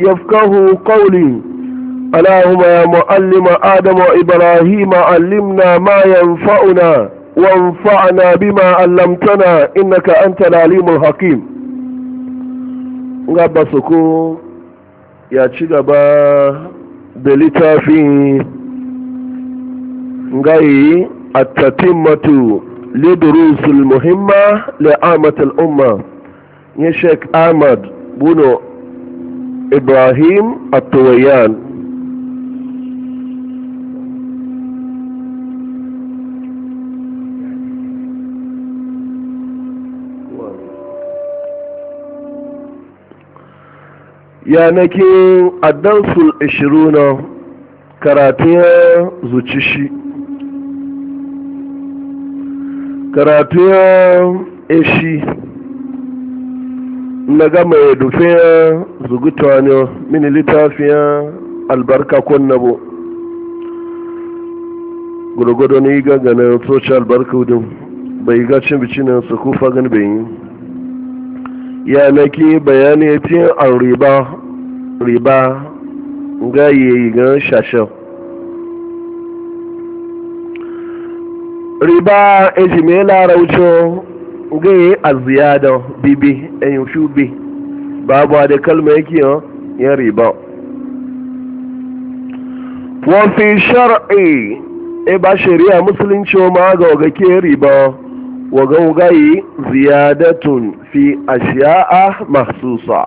يفقه قولي اللهم يا معلم آدم وإبراهيم علمنا ما ينفعنا وانفعنا بما علمتنا إنك أنت العليم الحكيم غاب سكو يا شيغابا في غاي التتمة لدروس المهمة لعامة الأمة يا شيخ أحمد بونو ابراهيم الطويان يا نكي الدرس العشرون كراتيا زوتشي كراتيا اشي na gama ya dufe ya zuguta ne mini littafiya albarka kun na bu gurgudu ne yi gangana tsoci albarka hudun bai ga cin bici na su kufa gan bayi ya na ki bayani ya an riba riba ga yi gan shashen riba ejimela laraucin ga a ziyada bibi en yi shubi babu da kalma yake yan yan riba wafi shar'i e ba shari'a musulunci ma ga waga ke riba waga waga yi ziyadatun fi ashiya'a mahsusa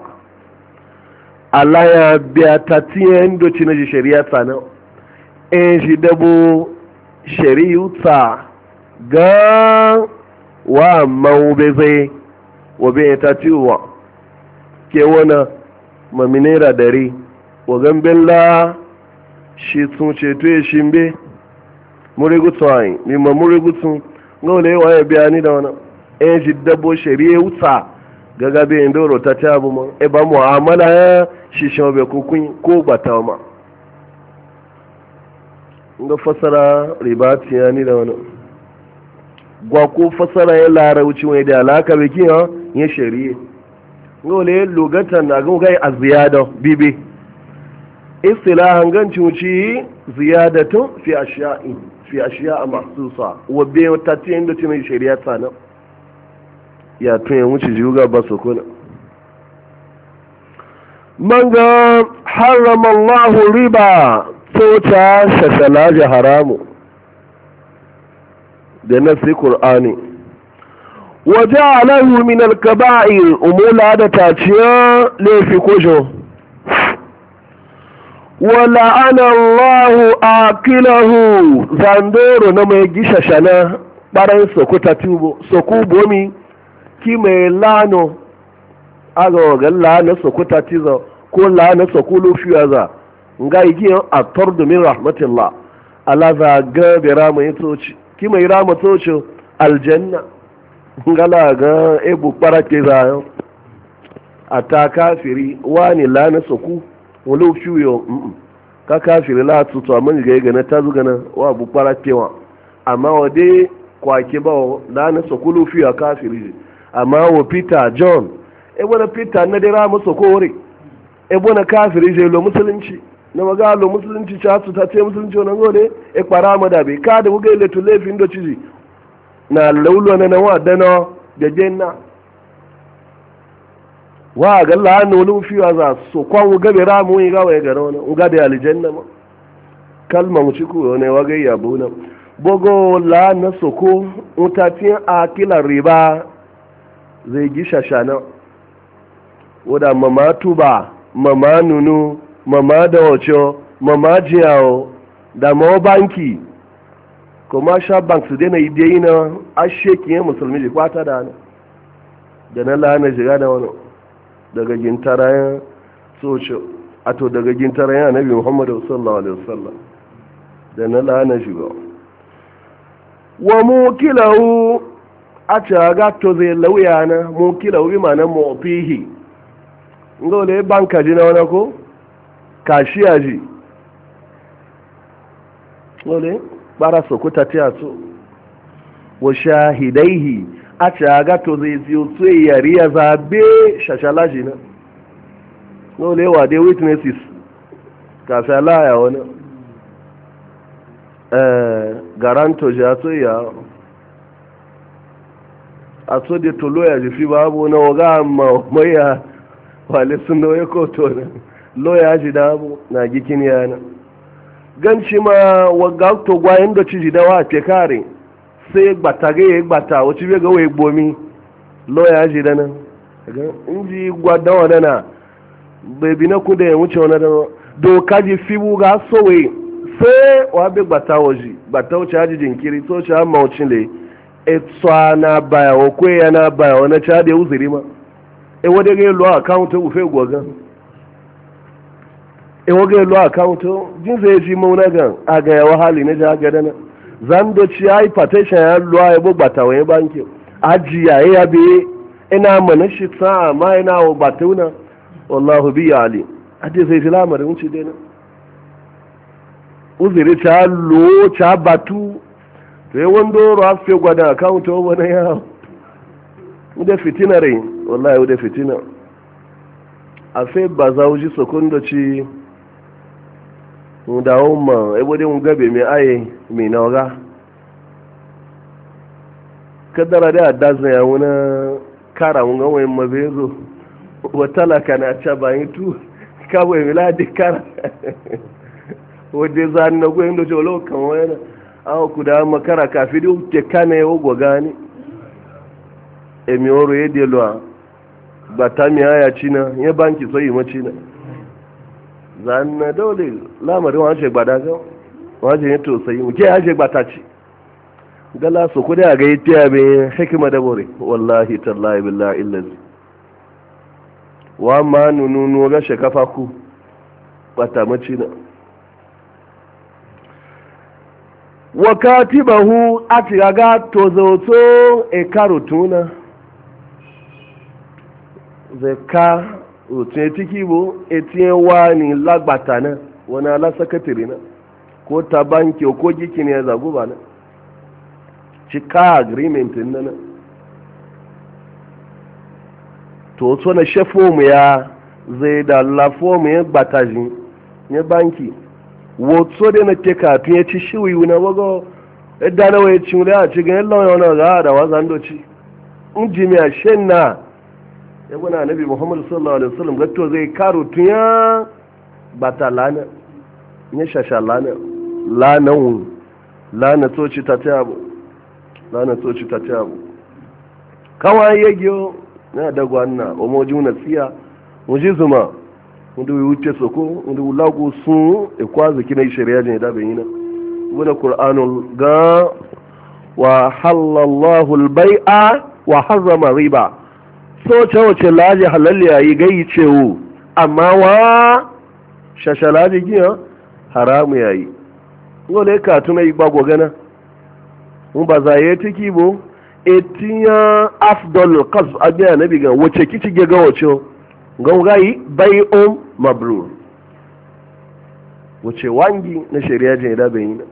Allah ya biya ta tiyan doci na shari'a e na in shi dabo shari'u ta ga wa mawube zai wabe ta ciwa ke wana maminera dare wagan bella shi tun ceto ya e shi mbe murigutu ayi mimma murigutu ga wale wa ya e biya ni da wani ɗan e shi dabo shari'a wuta gaga bai yin doro ta ta abu ma e ba mu'amala ya shi shi bai kukun ko ba ta ma ga fasara ya ni da wani gwa ko fasara ya larauci wani da alaka bai kiyan ya shari'a dole lugata na gan gai a ziyada bibi istilahan gan cuci ziyadatun fi ashiya'in fi ashiya'a sa wa bi tatin da tumin shari'a nan ya tun ya wuce juga ba su kuna manga harrama Allahu riba tota shashalaje haramu da nasi qur'ani waje alahu min alkaba'ir umula da taciya laifi kujo wala la'ana allahu akilahu zandoro na mai gishashana baran sokuta tubo soku bomi ki mai lano aga ga lana sokuta tizo ko lana sokulu fiyaza nga igiyan atordu min rahmatillah ala za ga mai toci ki mai rama tocin aljanna gala ga ebu kparake zayon a ta kafiri wani lana soku wani fiyo ka kafiri la tutu a mani ga gana ta gana wa bu kewa amma wa dai kwake ba lana soku lufiyo a kafiri amma wa peter john ebo na peter na dai rama soko wuri ebo na kafiri je lo musulunci na magalo musulunci ca ta ce musulunci wani gole e kwara mu da bi ka da buga ile tule fin do ciji na laulo na na wa dano da jenna wa ga la no lu fi wa za so kwa u ga be ra mu ga wa ga no u ga da aljanna ma kalma mu ci ku ne wa ga ya buna bogo la na soko utatin akila riba zai gi shashana wada mamatu ba mamanunu mama da ocho mama jiyawo da ma banki commercial bank su daina idai na ashekin ya musulmi da kwata da na da na lana shiga da wani daga gintarayen soce a to daga gintarayen annabi muhammadu sallallahu alaihi wasallam da na lana shiga wa mu kilahu a ga to zai lauya na mu kilahu bi ma na mu ofihi ngole banka ji na wani ko kashiya ji wale bara sokuta ta yaso wa shahidaihi a caga to zai ziyo tsoye yari ya zabe shashala ji na wale wa dai witnesses kasa laya wani eh, garanto ji a ya a so da tolo ya ji fi babu na waga amma maya wale sun nauye koto na loya ji da abu na gikin yana gan shi ma waga to gwayin da ci ji wa fe kare sai gbata ga ya gbata wace bai ga wai gbomi loya ji da nan in ji wa na bai bi na ya wuce wani dana ji fibu ga sowe sai wa bai gbata waje gbata wuce haji jinkiri so shi amma wucin e na baya wa kwaya na baya ma e wadda ga yi lo ufe ewoge lo akaunto jin zai ji mauna gan a ga yawa hali na ja gada na zan do ci ai patation ya lo ai bo gbata wa banki aji ya e ya be ina e mana shi ta ma ina wa batuna wallahu bi ali ade zai ji lamarin wuce dai na uzuri ta lo ta batu to e wando ro afi gwada akaunto wani ya da fitina rai wallahi da fitina afe sai ba za wuji da umma ebo de gabe mai aye me na ga kadara da dazna ya wuna kara mun ga wayin mabezo wa talaka na cha bayin tu ka wai miladi kara wode zan na gwen do jolo kan wayana aw ku da makara ka fi du te kane wo gogani e mi oro yede lo batami haya china ye banki so yi mo china zanna dole lamarin wani shekba da ga to sai mu ke ya shekba ta ci gala su kudi a gai tiya mai hikima da bore wallahi tallahi billahi illazi wa ma nunu ga shekafa ku bata maci na wa katibahu ati ga tozoto e karutuna zai ka otu etiki bụ etinye wani lagbata na wani ala sakatiri na ko ta banki ko gikini ya zagu ba na cika agreement na na to so na shefo mu ya zai da lafo mu ya gbata ji ya banki wotso da na teka tun ya ci shiwi na wago ya dana wa ya ci ya a cikin yallon yawon ga da wazan doci in ji mai shen na na annabi muhammad sallallahu alaihi wasallam gato zai karo ya bata lana ya shasha lana lanawun lana toci ta ta yabo. lana toci ta ta tabo kawai giyo na dagwa na omo na tsiya muji zuma wanda wuyi wuce soko wanda wulago sun ikwazi e kina shari'a ne da bayin na wani qur'anul ga wa halallahu al wa harrama riba soce wace laji halalli a yi gayi cewu amma wa shashalaji giya haramu ya yi wale ka tuna yi gbago gana mun ba zaye tiki bo etinya afdol kas abiya na biga wace kici ga ga wace gayi bai on mabrur wace wangi na shari'a jin da bai na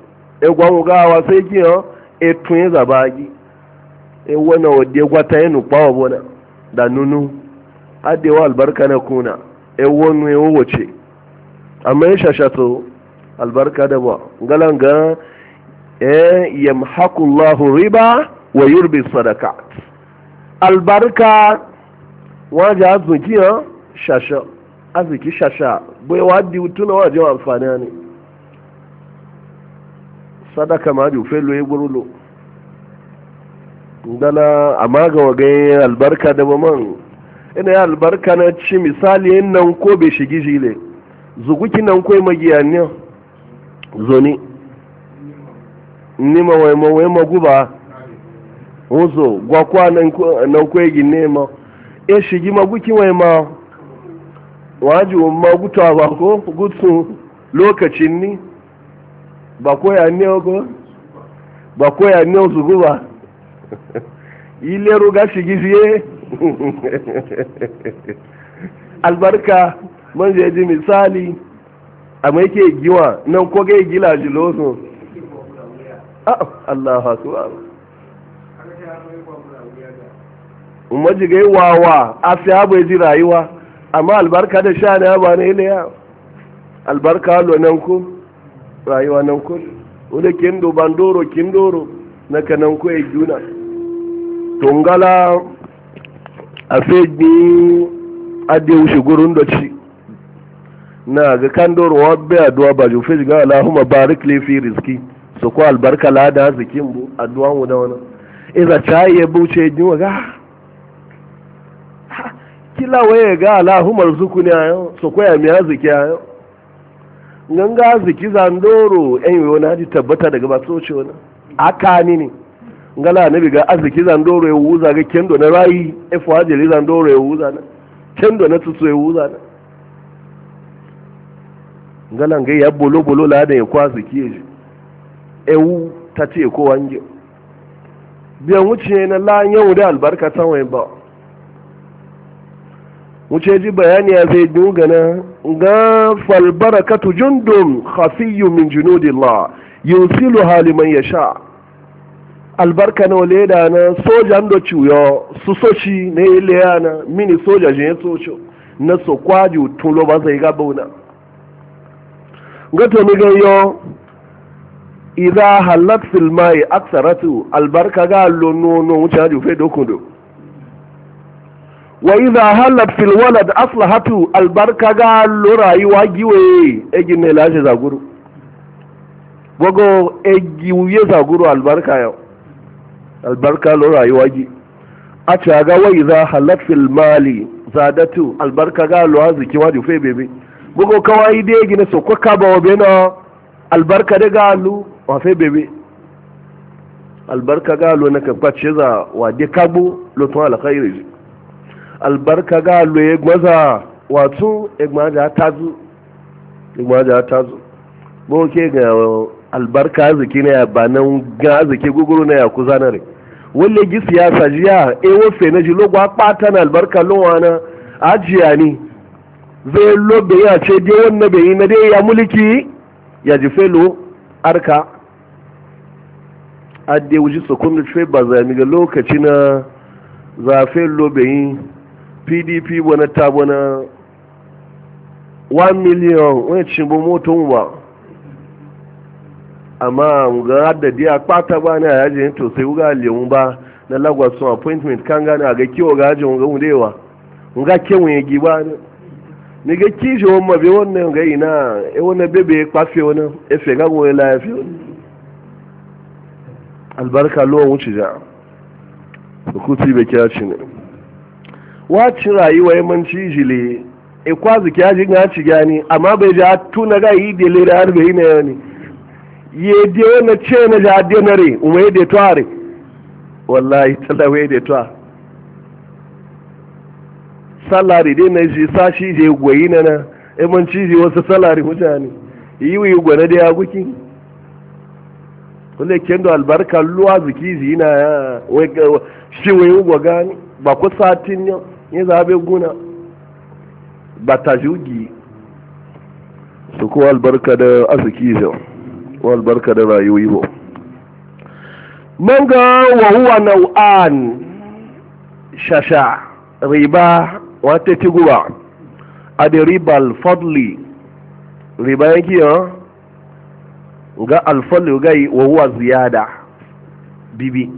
e gwamu gawa sai giya etun ya e zabagi e wana wadde gwata ya nukpa bona da nunu adewa albarka na kuna ewon ewo wace amma ya shashato albarka da ba galanga eh yamhaqullahu riba wa yurbi sadaka' albarka waje azuki ya shasha azuki shasha bai wadi tuna waje amfani ne sadaka ma ju felo e gurulo a amma ga wagai albarka da man ina ya albarka na ci misali yin nan ko bai shigi jile zuguki nan ko magiya ne zoni nima wai ma wai ma guba ozo gwakwa nan ko yi nema e shigi maguki wai ma waji ma guta ba ko gutsu lokacin ni ba ko ya ne ko ba ko ya ne zuguba ilero gashi giziye albarka man je ji misali a mai ke giwa nan ko ga gila jiloso Allah ah, akbar umma maji gai wawa a sai bai ji rayuwa amma albarka da sha ne ba ne ne albarka lo nan ko rayuwa nan ko wani kindo bandoro kindoro doro na kanan ko ya juna tongala a fegbi adewu shigurun da ci na ga kandor wa be addu'a ba ju fe ga Allahumma barik li fi rizqi so ko albarka la da zikin bu addu'a mu da wannan iza e chaye bu ni ji ga kila waye ga Allahumma rizquni ayo so ko ya mi aziki ayo ga ziki zandoro en yo na di tabbata daga ba so ce wannan aka ni ne ngala ne biga arziki doro ya wuza ga kendo na rayi efu hajjali zandoro ya wuza na kendo na tutu ya wuza na ngala nga ya bolo bolo la da ya kwa arziki ya ji ewu ta ce ko wange biyan wuce na la yau da albarka ta wani ba wuce ji bayani ya zai dogana ga falbarakatu jundum khafiyyu min junudillah yusilu haliman yasha' albarka na leda na soja ndo ciwo su shi na yi ile na mini soja je ya soci na so kwaju tun lo ba zai ga bauna gato mi ganyo idza halat fil mai aksaratu albarka ga lo no no wuce ju fe dokundo wa idza halat fil walad aslahatu albarka ga lo rayuwa giwe egin ne lashe zaguru gogo egi wuye zaguru albarka yau albarka lo rayuwa gi a ga wai za halafil mali zadatu albarka ga lo arziki wa jufe bebe bugo kawai dai gina so ko kaba wa bena albarka da ga lo wa fe bebe albarka ga lo na ka kwace za wa de kabo lo to alkhairi albarka ga lo ya e gwaza wato egma da tazu egma da tazu bo ke ga albarka arziki ne ya ba nan ga arziki guguru ne ya kuzanar wale gi siyasa jiya e wofe na ji logo logwa na albarka lowa na ajiya ni zai lobe ya ce dai wannan bai yi na dai ya mulki ya ji felo arka adde wuji sokun da tre ba zami ga lokaci na za zafe lobe yi pdp wani tabo na 1 miliyan wani cimbo moton ba amma ga da dia kpata ba ne a yajin to sai wuga lewun ba na lagos sun appointment kan gane a ga kiwo ga yajin ga wudewa nga kewun yagi ba ne ni ga kishi wani mabe wannan ga ina e wani bebe kwafe wani efe ga goyi la efe wani albarka luwan wuce ja hukuti be kya ci ne ci rayuwa ya manci jile e, e kwazu kya ji ga ci gani amma bai ja tuna ga yi delere har bai yi na yau ne yede na ce na jade na re umar yede to re. wallahi talawa yede to salari dai na ji shi je goyi na na e ci je wasu salari mutane yi wi gwana da ya guki kullum kendo albarka luwa ziki zina ya shi wai gwa gani ba ku satin yau ya zabe guna ba ta jugi su kuwa albarka da aziki zai walbarka da rayuwi ba manga wa huwa nau'an shasha riba wata tiguba a da riba alfadli riba yake ya ga alfadli gai wa huwa ziyada bibi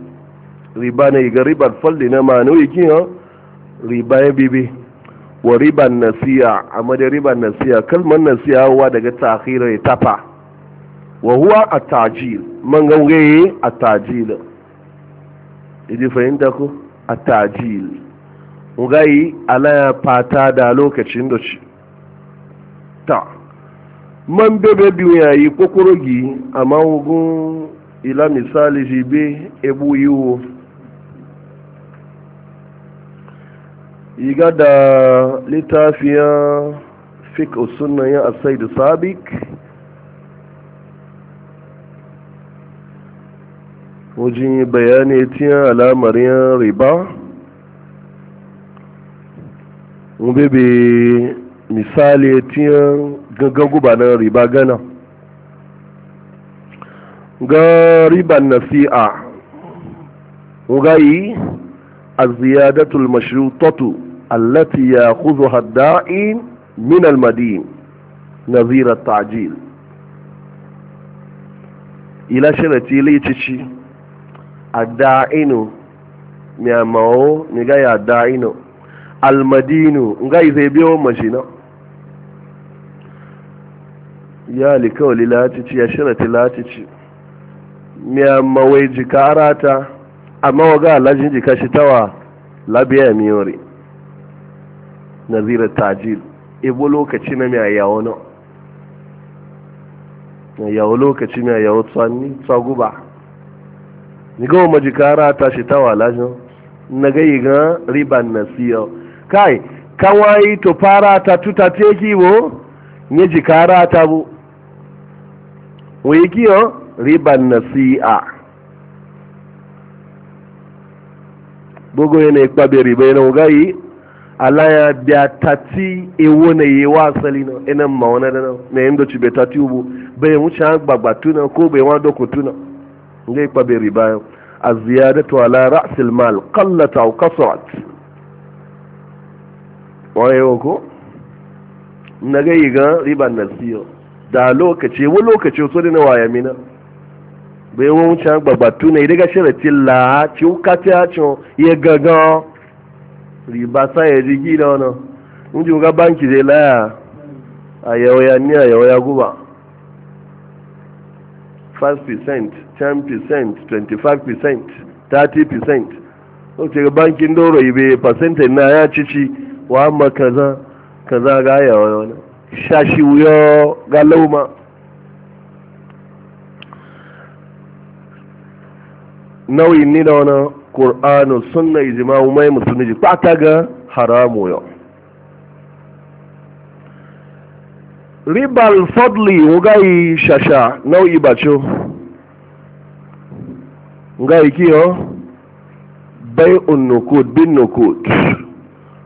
riba ne ga riba alfadli na ma ne yake yan riba ya bibi wa riba nasiya amma da riba nasiya kalmar nasiya wa daga ta tafa wa huwa at-tajil man gauraye a tajil idi fahimta ko a tajil ugai ala fata da lokacin da shi ta man bebe yi kokoro gi amma ugun ila misali jibe ebu yiwo iga da littafiyan fik usunna ya asai da sabik wajen bayani tiyan alamarin riba bebe misali tiyan gangan gubanin riba gana ga riban nasi'a wugayi a ziyadatul mashrutatu allati ya kuzo hadda'in min almadin nazirar ta'jil ila shirati ci. adda'inu miya mawo mi ga ya inu? almadinu nga zai biyo mashina ya likawali latici ya shirati latici miya mawai jika arata amma waga alajin jika shi tawa labiya miyori nazira tajil ibo lokaci na miya yawo na yawo lokaci miya yawo tsanni tsaguba ni gawa majikara ta shi ta walajin na gayi ga riban na siyo kai kawai to fara ta tuta teki bo ni jikara ta bu wai kiyo riban na siya gbogbo yana ikpabe riba yana ugayi alaya da tati ewo na yi wa asali na ina ma wani dana na yin ci bai tati ubu bai wuce gbagba tuna ko bai wani doko tuna. ngay kwabe riba aziyadatu ala ra's al-mal qallat aw kasarat wayo ko naga yiga riba nasiyo da lokaci wo lokaci so dina waya mina bai cha gbagba gbagbatu ne daga shiratin tilla ci ukata a cin ya gaga riba sa ye digi gida mun ji ga banki de laya a ya ni a ya guba 5%, 10%, 25%, 30%. Wace bankin ibe pasente na ya cici wa amma kaza kaza gaya wa wani. Shashi wuyo ga lauma. Nauyin ni da wani Kur'anu sunna ijima umai musulmi ji ga haramu yau. ribal fadli ngai shasha nau'i bacho ngai kiyo bai'un nukud bin nukud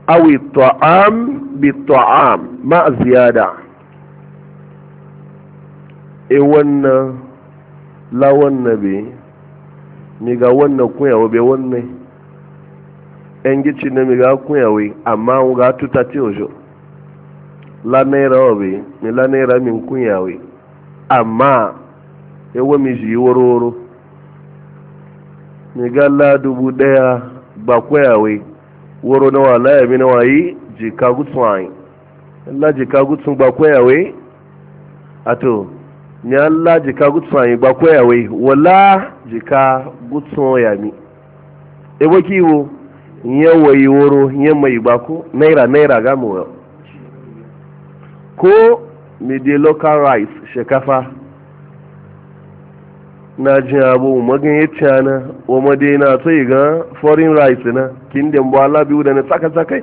awi ta'am bi ta'am ma ziyada e wanna la wanna bi mi ga wannan kuyawa be wanne, yan gici ne mi ga wi amma ga tutati ojo la naira obe mi la naira mi nkunyawe amma ewe mi ji woro mi ga la dubu daya gbakwayawe woro na wala ya mi na wayi ji kagutun ayi la ji kagutun gbakwayawe ato ni la ji kagutun ayi gbakwayawe wala ji kagutun ya mi ewe iwo, nye wayi woro nye mai gbako naira naira gamu yau ko mede local rice shekafa na jin abu magin ya cana wa madina yi ga foreign rice na kin da mbo ala biyu da na saka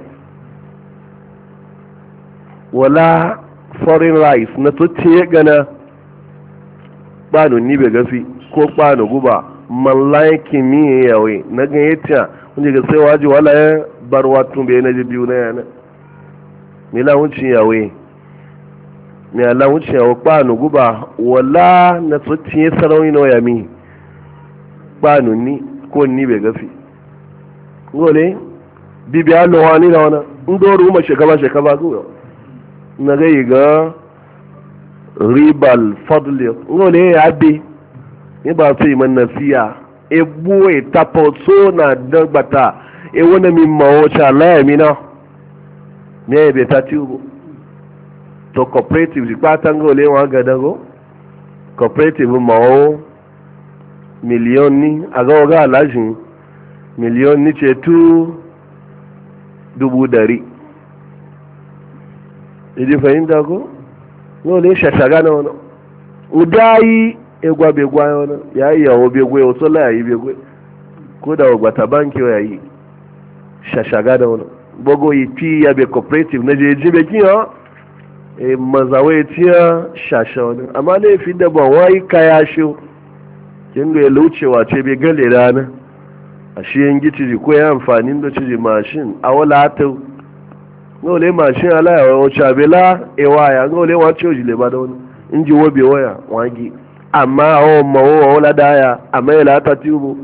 wala foreign rice na to ce gana bano ni be gafi ko bano guba mallaki mi yawe na ga yatta kun ga sai waji wala barwatu be na biyu na yana mila wucin yawe mai Allah wuce wa kpanu guba wala na tsotiye sarauni na waya mi kpanu ni ko ni bai gafi gole bibiya lowa ni na wana ndoru ma shekaba shekaba guwa na gai ga ribal fadli gole ya bi ni ba su yi manna fiya ebu e tapo so na dagbata e wani min mawo cha la ya mina me bai ta tiwo to cooperative ji kpatango ole nwa gadago cooperative ma o miliyon ni aga oga alajin miliyon ni ce dubu dari idi fahimta ko no le shashaga na wani udayi egwa begwa ya wani ya yi yawo begwe ya wasu layayi begwe ko da wagwata banki ya yi shashaga na wani gbogbo yi fi ya be cooperative na je ji be kiyan Eh, mazawai tiya shasha wani amma laifi da ba wayi kaya shi kin ga laucewa ce bai gale rana a shi yangi ciji ko ya amfani da ciji mashin a wala ta ngole mashin ala ya wa chabela e waya ngole wa choji le ba don inji wobe waya wangi amma o ma o wala daya amma ila ta tubu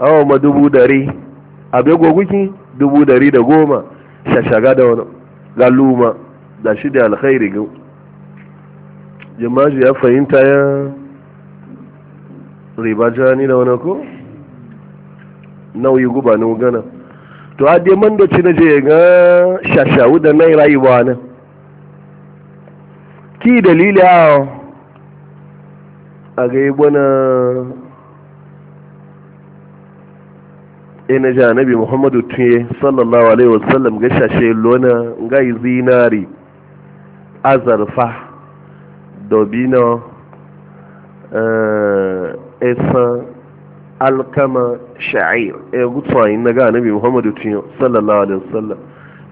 awo ma dubu dari abe goguki dubu dari da goma shashaga da wani galuma da shi da alkhairi gan jama'a ya fahimta ya riba jani da wani ko nauyi guba na gana to a dai man ci na je ga shashawu da nai rayuwa ne ki dalili a a ga yi ina ja annabi muhammadu tuye sallallahu alaihi wasallam ga shashe lona ga zinari azarfa dobino eh, esan alkama sha'ir e gutsuwa yin na ga annabi muhammadu tuye sallallahu alaihi wasallam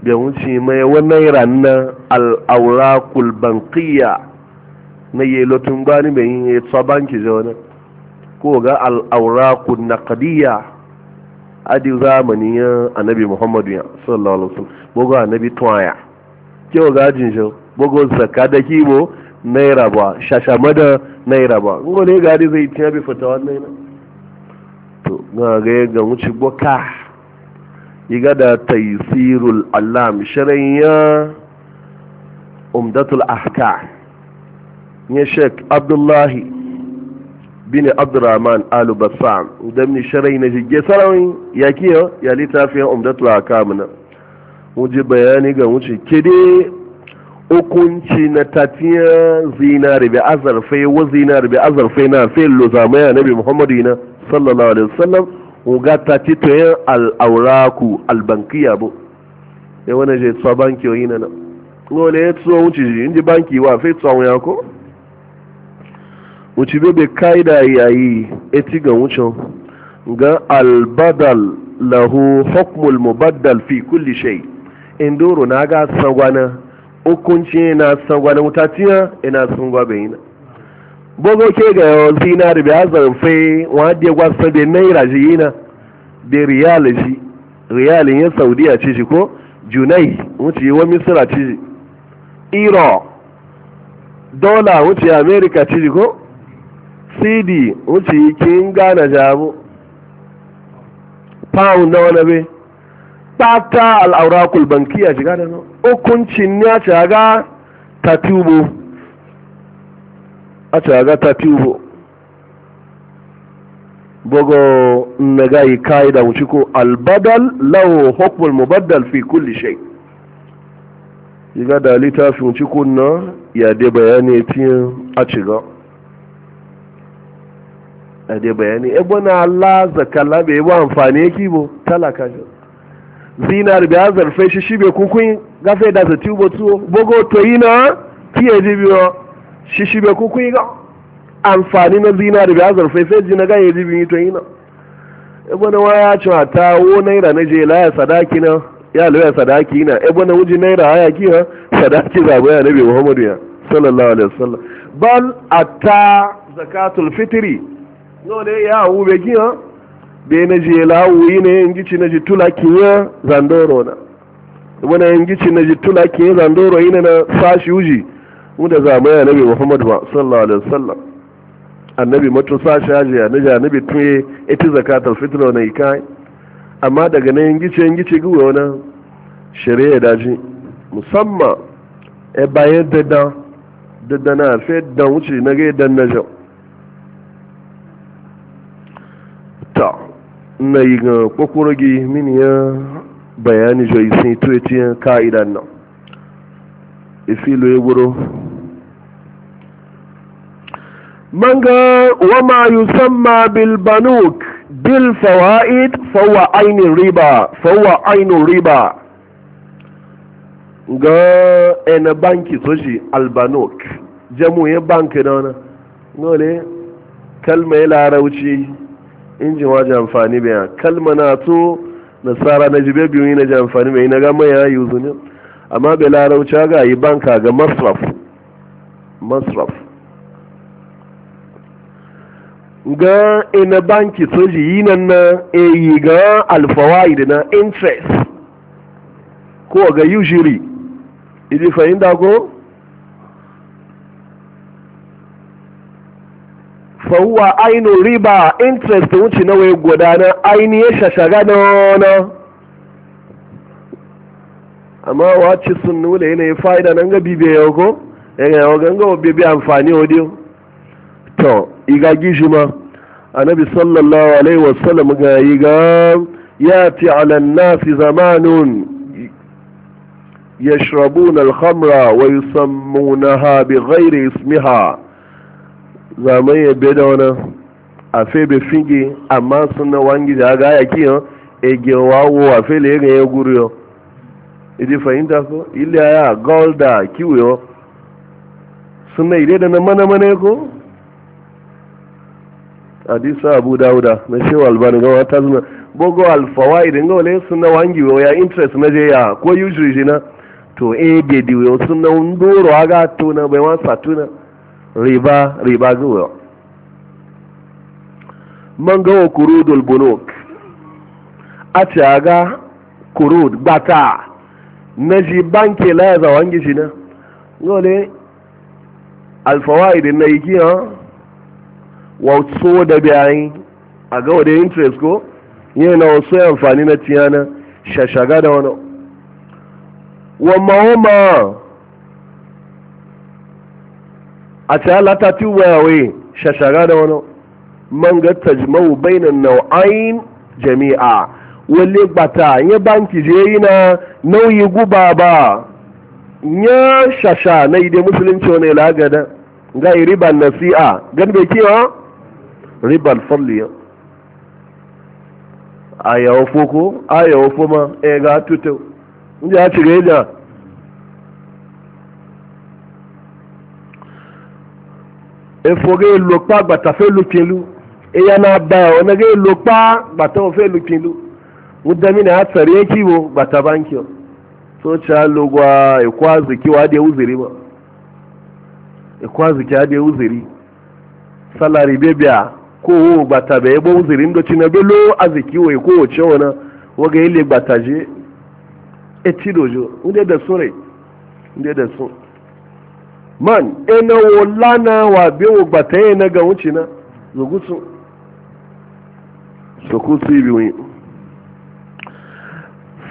da wuce mai wannan ranar al'aura kulbankiya na lotun gbani mai yin ya tsabanki zaune ko ga al'aura kulnakadiyya adi zamani ya annabi muhammadu ya sallallahu alaihi wasallam bogo annabi tuwaya ga jin jo bogo zakka da kibo naira ba shashama da naira ba ga gari zai tiya bi fata wannan na to ga ga ga wuce boka yiga da taysirul alam sharayya umdatul ahkam ya shek abdullahi bin abdurrahman al-bassam da ni sharai na jige sarawin ya kiyo ya littafin umdatul ahkam na muje bayani ga wuce kide hukunci na tafiya zinari bi azarfai wa zinari bi azarfai na fi lozamaya nabi muhammadu na sallallahu alaihi wasallam uga tati ta yin al'auraku albankiya bu ya e wani je tsawa banki yoyi na na ngole ya tsuwa wuce ji inji banki wa fi tsawon ya ko wuce bebe kaida yayi eti ga wucin ga albadal lahu hukmul mubaddal fi kulli shay indoro na ga sangwana hukunci na sangwana mutatiya ina sangwa bayina bogo ke ga da zinari bai azarfe wadda ya gwasa da naira jiyina da riyal ji riyalin ya saudiya ce shi ko junai wuce yi wa misira ce iro dola wuce america ce shi ko cd wuce yi kin gane jamu pound na wani be ɓata al'aurakul bankiya shiga da nan hukuncin ya shaga ta tubo a shaga ta tubo bugo na gayi kayi da wuce ko albadal lawo hukumar mubadal fi kulli shai shiga da littafin wuce ko na ya de bayani tiyan a shiga a dai bayani ebo eh, na Allah zakalla bai yi amfani yake bo talaka shi zina da azar zarfe shi bai kukun gafe da zati bo tuwo bogo to yi na kiye ji biyo shi bai kukun ga amfani na zina da azar zarfe sai ji na ga yi to yi na ebo eh, wa ya ci ta wo naira na je laya sadaki na ya lura sadaki na ebo eh, na wuji naira haya ha sadaki zabo ya nabi Muhammadu ya sallallahu alaihi wasallam bal atta zakatul fitri dole ya wu be ha be na je lawu yi ne in gici na ji tula ya zandoro na wani ngi gici na ji tula ya zandoro yi ne na sashi uji wanda zamaya annabi muhammad ba sallallahu alaihi wasallam annabi mutu sashi aje ya naja annabi tuye ita zakatul fitr na ikai amma daga nan ngi gici ngi gici guwa wani shari'a daji musamman e bayan da dada na fe dan wuce na ga dan na jau ta na yi ga kwakwaragi mini ya bayani jai sun to ya ka'idan nan ifilo ya wuro manga wama yusamma bil banuk bil fawaid fawa ainin riba fawa ainin riba ga ena banki soshi albanuk jamu ya banki na wani kalma ya larauci injin waje amfani bai kalma na to nasara na jibe biyu yi na ji amfani bai na gama ya yi uzuni amma bai larauci ga yi banka ga masraf masraf ga ina banki ji yi nan na eyi ga alfawaid na interest ko ga usury idi fahimta ko fahuwa ainihin riba interest wuce na waye gudana ainihin shashaga na wana amma wace sun nuna yanayin fa'ida nan ga bibiya yau ko yanayin ganga wa bibiya amfani wadiyo to iga gishi ma annabi sallallahu alaihi wasallam ga iga ya ti alan nasi zamanun يشربون الخمر ويسمونها بغير اسمها zamai ya be da wani a be fingi amma suna wangi da ga ya kiyan ege wawo a fe le ga guri yo idi fahimta ko ile ya golda kiwo yo suna ide da na mana mana ko hadisa abu dauda na shewa albani ga wata suna bogo alfawaid nga wale suna wangi wo ya interest na je ya ko usually na to ege ge diwo suna ndoro aga tuna bai wasa tuna riba riba gawa man gawa kurudul bunuk a ce ga kurud gbata na shi banki laya wangi shi na dole alfawa'idin na iki ha so da biyayi a ga da interest ko yi na wasu amfani na tiyana shashaga da wani wamma wamma a ta lata ti wayawe shashara da wani man ga tajmau bainan nau'ain jami'a wale gbata ya banki je yi na nauyi guba ba ya shasha na ide musulunci wani lagada ga yi riban nasi'a gan bai kiwa riban falliya a yawo foko a yawo foma e ga tutu inda ya ci gaida efoge lokpa gbata fe lukilu eya na ba onage lokpa gbata fe lukilu mudami na atsari yake bo gbata banki so cha lugwa ikwazu ki wade uziri ba ikwazu ki wade uziri salary bebia ko wo gbata be bo uziri ndo china lo aziki wo ko wo chona waga ile gbataje etidojo nde da sore nde da sore man ena wolana wa biyo gbata ena ga wuce na zugusu zugusu ibi wuyi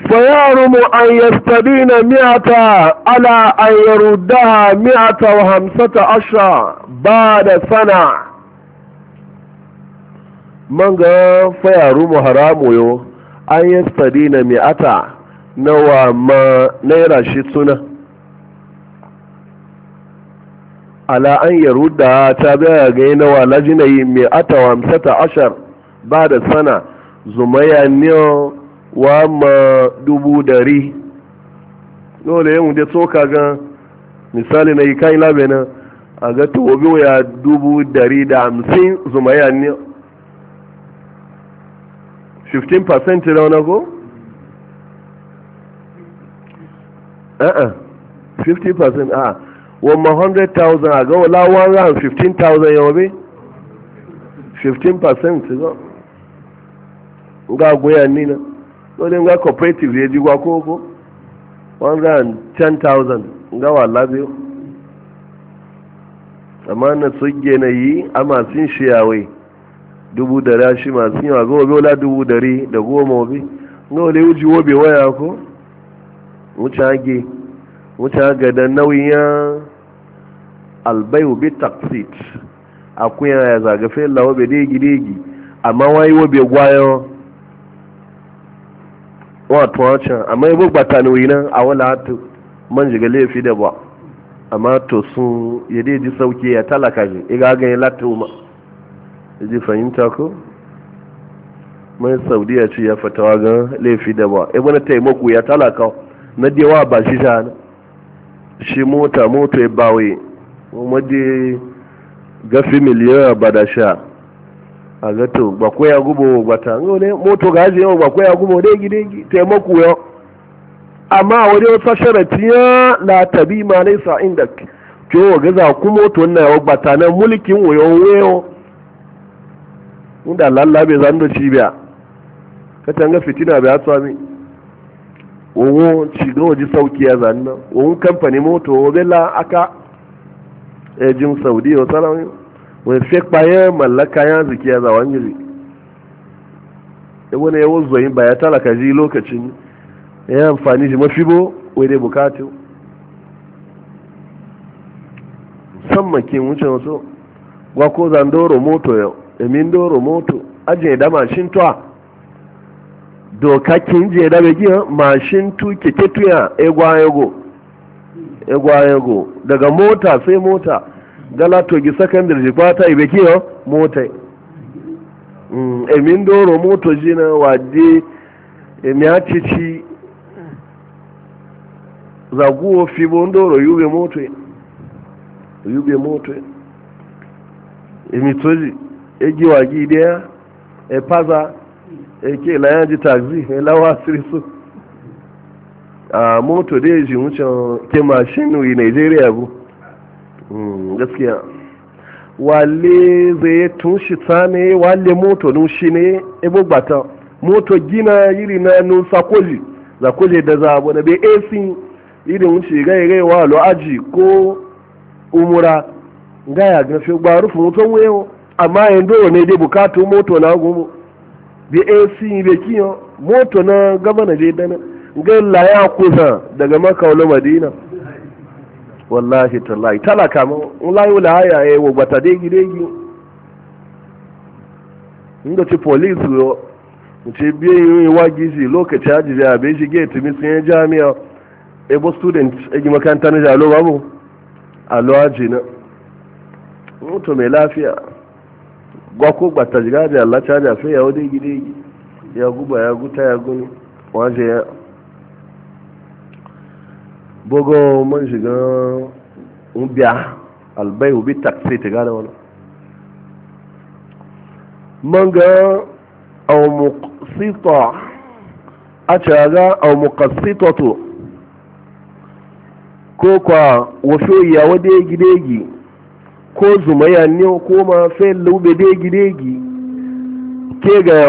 fayaru mu an yastadi na miyata ala an yaruda miyata wa hamsata asha ba da sana man ga fayaru mu haramu yo an yastadi na miyata na wa ma naira shi tsunan ala an yarudda ta biya ga yana wa lajinai mai atawa amsata ashar ba da sana zumaya ne wa ma dubu dari dole yin da tsoka ga misali na yi kan labe na a ga tobi ya dubu dari da hamsin zumaya ne 15% rauna ko? a'a 50% a'a wamma 100,000 a ga wala 115,000 yawa be 15% ga ga goya ni nina dole ga cooperative ya jigwa ko ko 110,000 ga wala biyu amma na tsugge na yi a masu shiyawai dubu dari shi masu yawa ga wabe wala dubu dari da goma wabe ga wale wuji wabe waya ko wuce hage wuce hage da nauyin albayu bi taksit akwai ya zaga fela wabe degi degi amma wai wabe gwayo wato wancan amma yabo gbata ne nan a wani hatu man jiga laifi da ba amma to sun ya ji sauki ya talaka ji iga ga ya lati uma ji fahimta ko mai saudiya ce ya fatawa ga laifi da ba ibn taimako ya talaka na dewa ba shi shana shi mota mota ya bawai umade gafi miliyan badasha a gato ba koya gubo gwata ne moto ga ajiye ba koya gubo dai gidi taimako yau amma wani wata sharafi ya la tabi ma nesa inda ke wa gaza ku moto na yau bata na mulkin wayo wayo inda lallabe zan da ci biya ka tanga fitina biya tsami wo ci ga ji sauki ya zanna wo kamfani moto wo aka ejin jim saudi wa sarawin wai fi kpaye mallaka ya ziki ya zawon giri e wani ya wuzo yin baya talaka ji lokacin ya amfani shi mafi bo wai dai bukatu musamman kin wuce wasu gwa ko doro moto yau emin doro moto ajiye da mashin tuwa doka kin je da bai mashin tu kike tuya egwa ego egwayego daga mota sai mota galatogi secondary ba ta ibe kiyo mota mm, emin doro moto jina wade emi achichi zaguo fibo ndoro yube moto yube moto toji egi wagi idea epaza eke yaji taxi elawa sirisu a moto da ya ji wucin ke mashin wi nigeria bu hmm, gaskiya wale zai tun shi tsane wale moto n'ushi shi ne ebo gbata moto gina iri na nun sakoji zakoji da za abu na bai ac irin wuce gai gai wa lo aji ko umura gaya ga fi gba rufe mutum wayo amma yanzu ne dai bukatu moto na gumu bai ac bai kiyo moto na gaba na je dana gan ya kusa daga maka wani madina wallahi tallahi talaka ma wallahi wala haya ya eh, yi gbata degi degi inda ci polis yo ce biye yi wa gizi lokaci ajiyar abe shi gate misin ya jami'a ebo student egi makanta na jalo babu alo ajina mutu mai lafiya gwakko gbata jiga da allah caja sai ya wadai gidi ya guba ya guta ya guni waje ya bogo man shiga biya albai ubi taksi ta gada wani man ga aumuksita a caga aumuksitatu ko kwa wasu yawa degi-degi ko zumaya ne ko ma fe lube degi-degi ke ga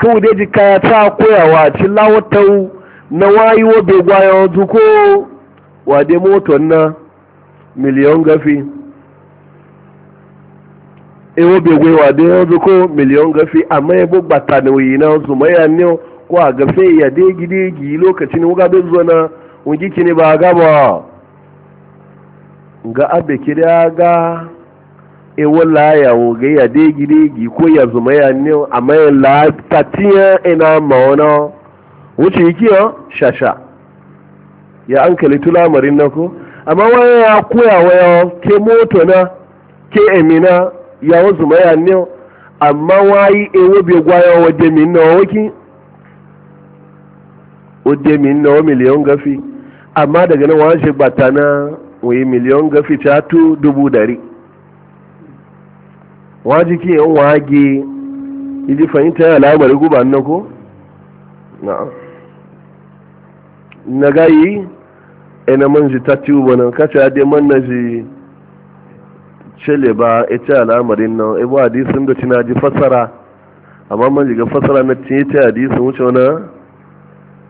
kawai deji kaya ta koyawa ci lawatau na wayiwo bai gwayon duko wade moton na miliyon gafi ewo bai gwai wade yan duko miliyon gafi amma ya e bugbata na wuyi na zumaya ne ko a gafe ya degi degi lokacin wuga bai zuwa na wungi kini ba gaba ga abe kira ga ewo laya wuga ya degi degi ko ya zumaya ne amma e ya la e tatiya ina ma'ana wuce kiyo shasha ya an kalitu lamarin na ko amma wani ya koya waya ke moto na ke emina ya wasu maya ne amma wayi ewo bai gwaya wa demin na waki o demin na miliyon gafi amma daga nan wani bata na wai miliyon gafi ta tu dubu dari waji ke yan wage idi fahimta ya lamarin guba na ko na'am na gayi ina man ji ta tiwu wani kace ya dai man na ji cele ba ita al'amarin nan ibu hadisin da tina ji fasara. amma man ji ga fasara na cin ita hadisin wuce wani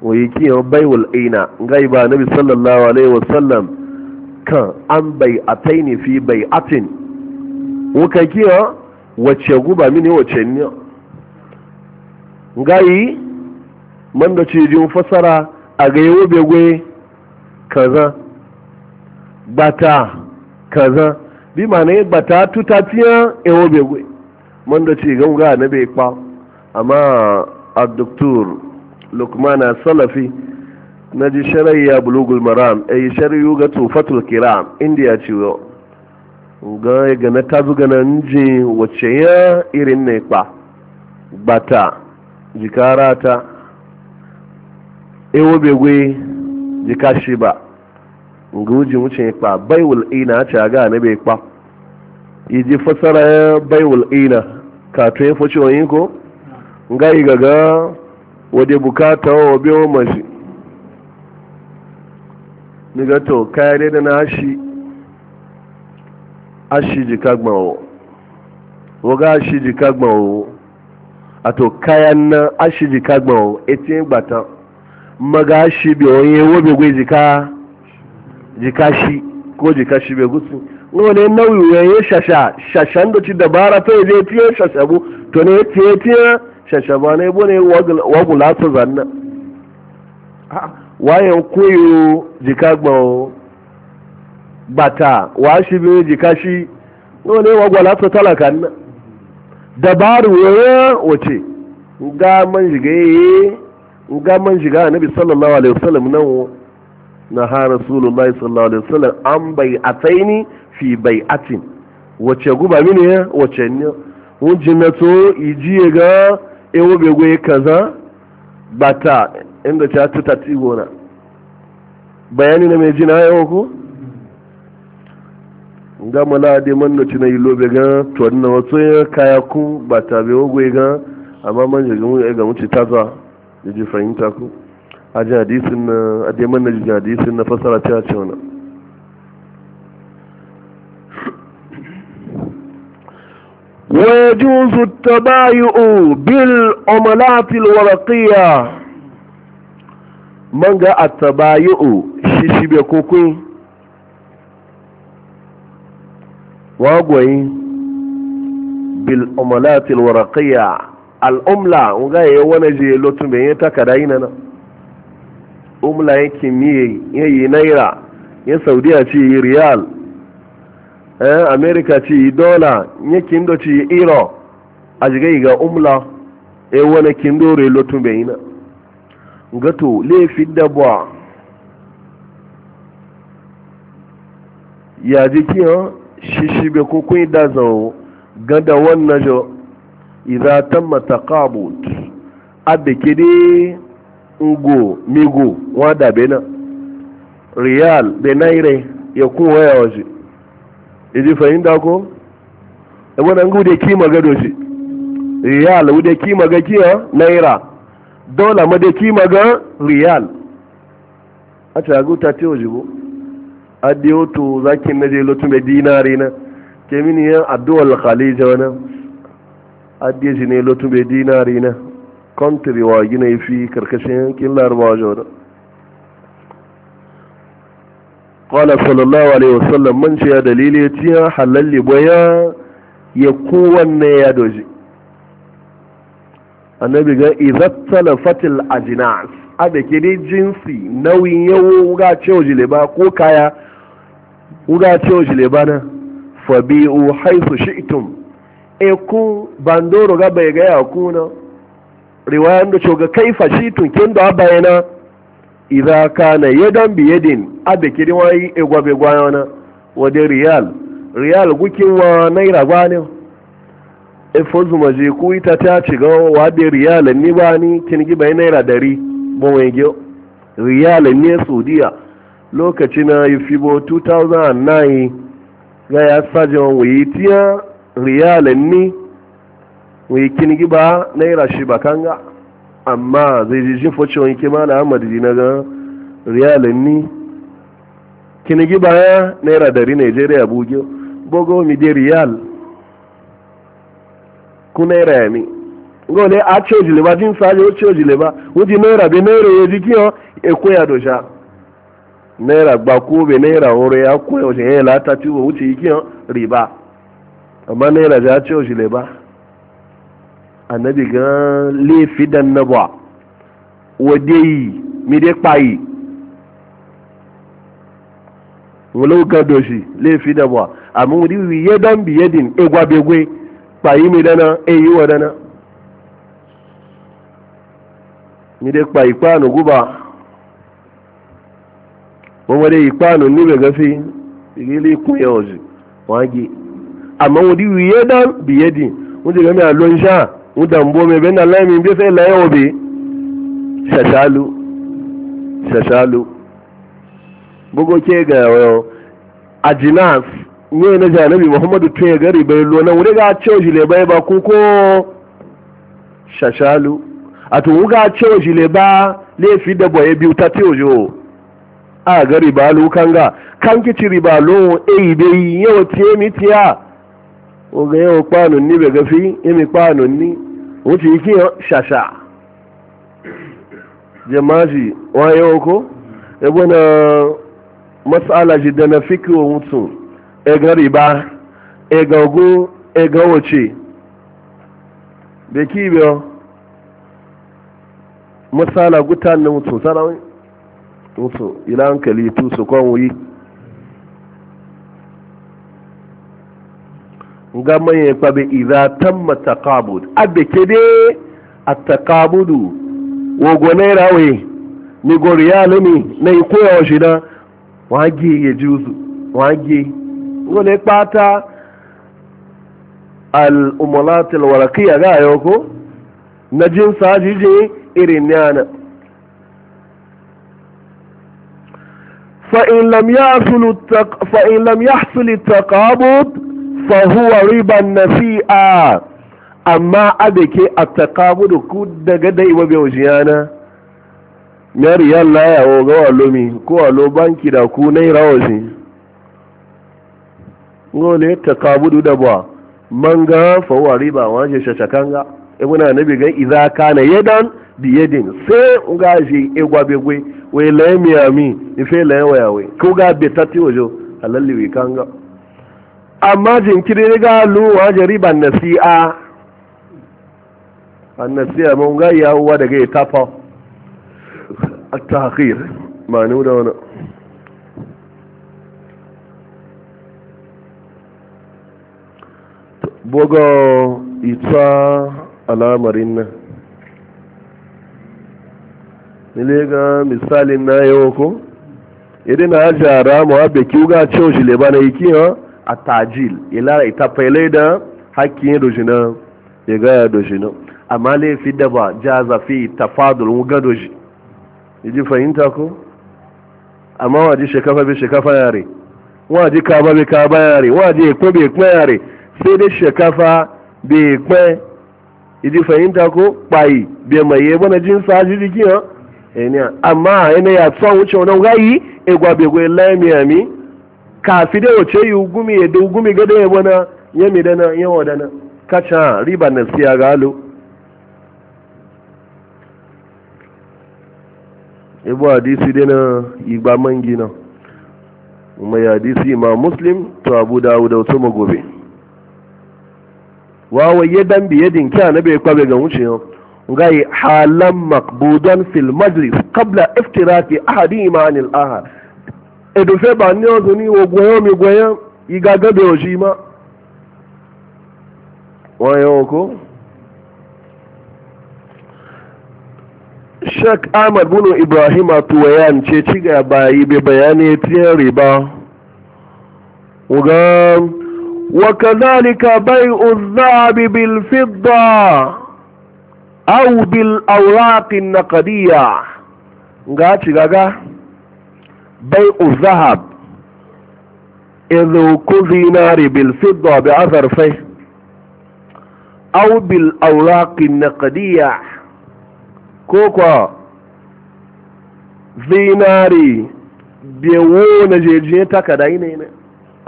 wayi kiyo baiwul aina gai ba nabi sallallahu alaihi wasallam kan an bai ataini fi bai atin wuka kiyo wace guba mini wace ni gayi man da ce ji fasara. a ga yawo begwe kaza bata kaza bi ma ne tuta tutatiya yawo begwe man da ce ganga na bai kwa amma a doktor lukmana salafi na ji sharayya bulugul maram a e yi shari'u ga tufatul kiram indiya ce yau ga gana ta zuga na ji wacce ya irin ne kwa jikara ta iwu begwe jika shi ba ga uji wuce kpa baiwul ina ce a na bai kpa iji fasara ya baiwul ina ka to yin fuci wani ko ga yi gaga wade bukata wa biyo mashi ni to kaya da na ashi ashi jika gbawo waga ashi jika gbawo a to kayan na ashi jika gbawo etin gbatan magashi bai wani wobe gwe jika jika shi ko jika shi bai gutsu wani nauyi ya yi shasha shashan da ci dabara ta je tiye shashabu to ne tiye tiye shashaba ne bu ne wagula ta zanna wayan koyo jika gbawo bata wa shi bai jika shi wani wagula ta talakan na dabaru ya wace ga man shiga yi ga shiga shiga nabi sallallahu alaihi wasallam nan na ha rasulullahi sallallahu alaihi wasallam an bai ataini fi bai atin wace guba mini ya wace ne wujin na to iji ga ewo begwe kaza bata inda ta tuta tigona bayani na mai jina yawo ko ga mala de man no tina yilo be ga to na wato kaya ku bata be ga amma man shiga mu ga mu ci taza yaji fahimta ku a ji hadisin na adiyaman na jijin hadisin na fasara ta ce wani ويجوز التبايع بالعملات الورقية من جاء التبايع شيشي كوكوين واغوين بالعملات الورقية al'umla nga ya wani je lotu mai yin takada yi na? umla ya kimiyya ya yi naira ya saudiya ce yi riyal eh america ce yi dola ya kindo ci yi euro a jiga ga umla ya wani kindo re lotu mai yi na gato laifin dabuwa ya ji kiyan shi shi bai kokun da zan gada wannan jo idza tamma taqabut abe kede ngo migo wada bena real be naire ya kun waya waje idi fahimta ko e wannan ngude kima gado shi real wude kima ga kiya naira dola ma de kima ga real Ata ta guta te waje bo adiyo to zakin naje lotu medina rena kemini ya addu'a al-khalija wannan adeji ne lotu bai dinari na country wa gina ya fi karkashin yankin larabawa jaunar ƙwala sallallahu alaihi wasallam man ce ya dalili ya ciya halalli baya ya kowanne ya doji annabi ga izattala fatil ajinas a da kiri jinsi nauyin yawo wuga cewa jileba ko kaya wuga cewa jileba na fabi'u haisu shi'tum eku bandoro ga bai gaya ku na riwayan da shoga kai fashi tunkin da bayana idza kana yadan bi yadin abe kirwayi e be gwana wade riyal riyal gukin wa naira gwana e fozu maje ku ita ta ci ga wade riyal ni bani kin gi bai naira dari bon wege riyal ne saudiya lokaci na yufibo 2009 ga ya wuyi tiya riyalan ni wai kinigi ba naira shi ba kanga amma zai ji jin foce wani kima da ahmad na ga riyalan ni kinigi ba naira dari nigeria bugio bogo mi de riyal ku naira ya mi ngole a choji le ba jin saje o choji le ba wuji naira be naira ye ji kiyo ekwe ya dosha naira gba ku naira ore ya ku o je e la tati wo wuci riba amma naira ja ce shi le ba annabi ga le fidan na ba wadeyi mi de payi wala ga doshi le fidan ba amma wudi wi yedan bi yedin egwa begwe payi mi dana eyi wa dana mi de payi pa no guba wọ́n wọlé ìpáànù níbẹ̀ gẹ́fí ìrírí kún yẹn ọ̀sìn wọ́n á gé amma wudi wiye dan biye di wudi ga mi a lon sha wudan bo me ben Allah mi be sai be shashalu shashalu bugo ke ga uh, ajinas ne na janabi muhammadu tun ya gari bai lona wuri ga cewa jile bai ba ko shashalu a tun wuga cewa jile ba laifi da boye biyu ta teojo a gari ba lukan ga kan kici riba lo eyi dai yawa tiye mitiya oge yau kpanu ni bai gafi imi kpanu ni wuce yi kiyan shasha jamaji wani yau ko ebe na matsala ji da na fikiyo mutum egan riba egan ogun egan wace da kibiyo matsala gutan na mutum sarawin mutum ila hankali tu su kwan yi. ga manye kwabe iza tamma taqabud abbe kede at-taqabudu wo gone rawe ni goriyale ni na ikoya oshida wage ye juzu wage ngole pata al-umulat al-waraqiyya ga yoko na jinsa jije irin yana فإن لم يحصل التقابض fahuwa riban na fi'a amma adake a takamu da ku daga daiwa bai wajiyana na riyal layawa ga walomi ko walo banki da ku naira waje ngole takamu da ba man ga fahuwa riba wajen shashakanga ibuna nabi ga idza kana yadan bi yadin sai uga shi igwa begwe wai laye miami ife laye wayawai ko ga betati ojo halalliwe wi kanga amma jinkiri ga luwa jariba nasi'a an nasi'a mun ga yawuwa daga ya tafa a tahir ma da wani buga ita alamarin nan nile ga misalin na yau ko idina jara mu abe kiwu ga cewa shi le bana iki ha a tajil ilara ita faile da hakkin dojina ya gaya dojina amma laifi da ba jaza fi tafadul wuga doji ji fahimta ko amma waje shekafa bi shekafa yare waje kaba bi kaba yare waje ekwe bi ekwe yare sai dai shekafa bi ekwe ji fahimta ko bayi bi mai yabo na jin saji jikin ha amma yana ya tsawon wuce wani gayi egwa bi gwe laimiyami kafi da wace yi gumi ya da gumi gada ya na ya mi dana yawa dana kacha riba na siya galo ibu hadisi na igba mangi na mai hadisi ma muslim to abu abu da wato magobe ya dan biyadin kya na bai kwabe ga wuce yau غي حالا مقبوضا في kabla قبل افتراك ahadi imanil الاخر edofe ba ndị ọzọ n'iwe gweyo mi gweyo ịga gabe oji ma nwanyị ọkụ Sheikh Ahmad bunu Ibrahim Atuwayan ce ci ga bayi bai bayani tiyan riba ga وكذلك بيع الذهب بالفضة أو بالأوراق النقدية غاتي غاغا bai'u zahab idh kuzinari bil fidda bi azarfai aw bil awraqi naqdiyya ko kwa zinari bewo na jeje takada ne ne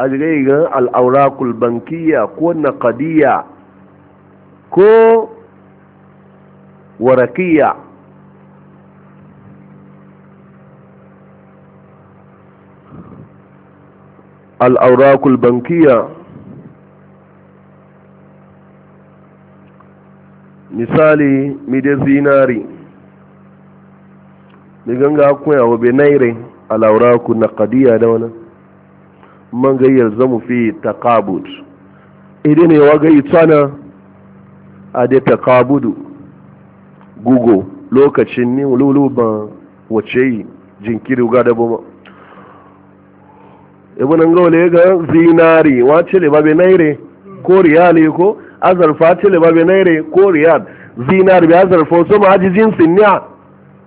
a jirai ga al'aurakul bankiya ko naqadiyya ko warakiya الأوراق البنكية misali mide zinari da ganga kuya wa benaire alauraku na kadiya da wani man gayyar zamu fi takabut idan ne wa gayi tsana a da takabudu gugo lokacin ni luluban wace yi jinkiri ga da boma ibn ngawle ga zinari wa cile babe naire ko riyali ko azarfa cile babe naire ko riyal bi azar fo so ma aji jinsin niya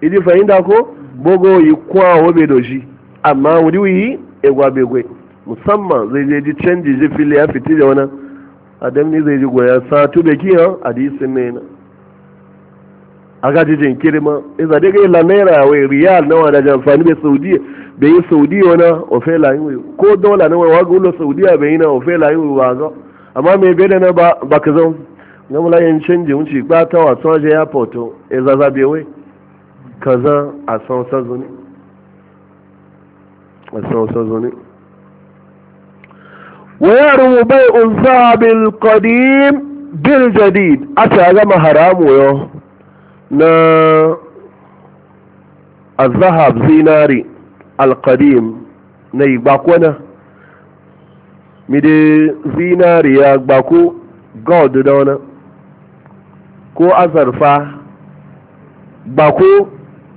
idi fahimta ko bogo yi kwa be doji amma wudi wi e be gwe musamman zai je ji canji ji fili ya fiti da wani adam ni zai ji goya sa tube kiyan hadisi ne na aka ji ma iza daga naira riyal na wada jamfani yi ofela yi ko dola na yi na ofela yi wa ga amma na ba ka na mula yin ba ta wa kaza a san sazo ne a ne wa yaru qadim bil jadid a ta gama haramu na azahab zinari alkadim na na, igbakwana mide zinari ya gbaku gold da wani ko azarfa gbaku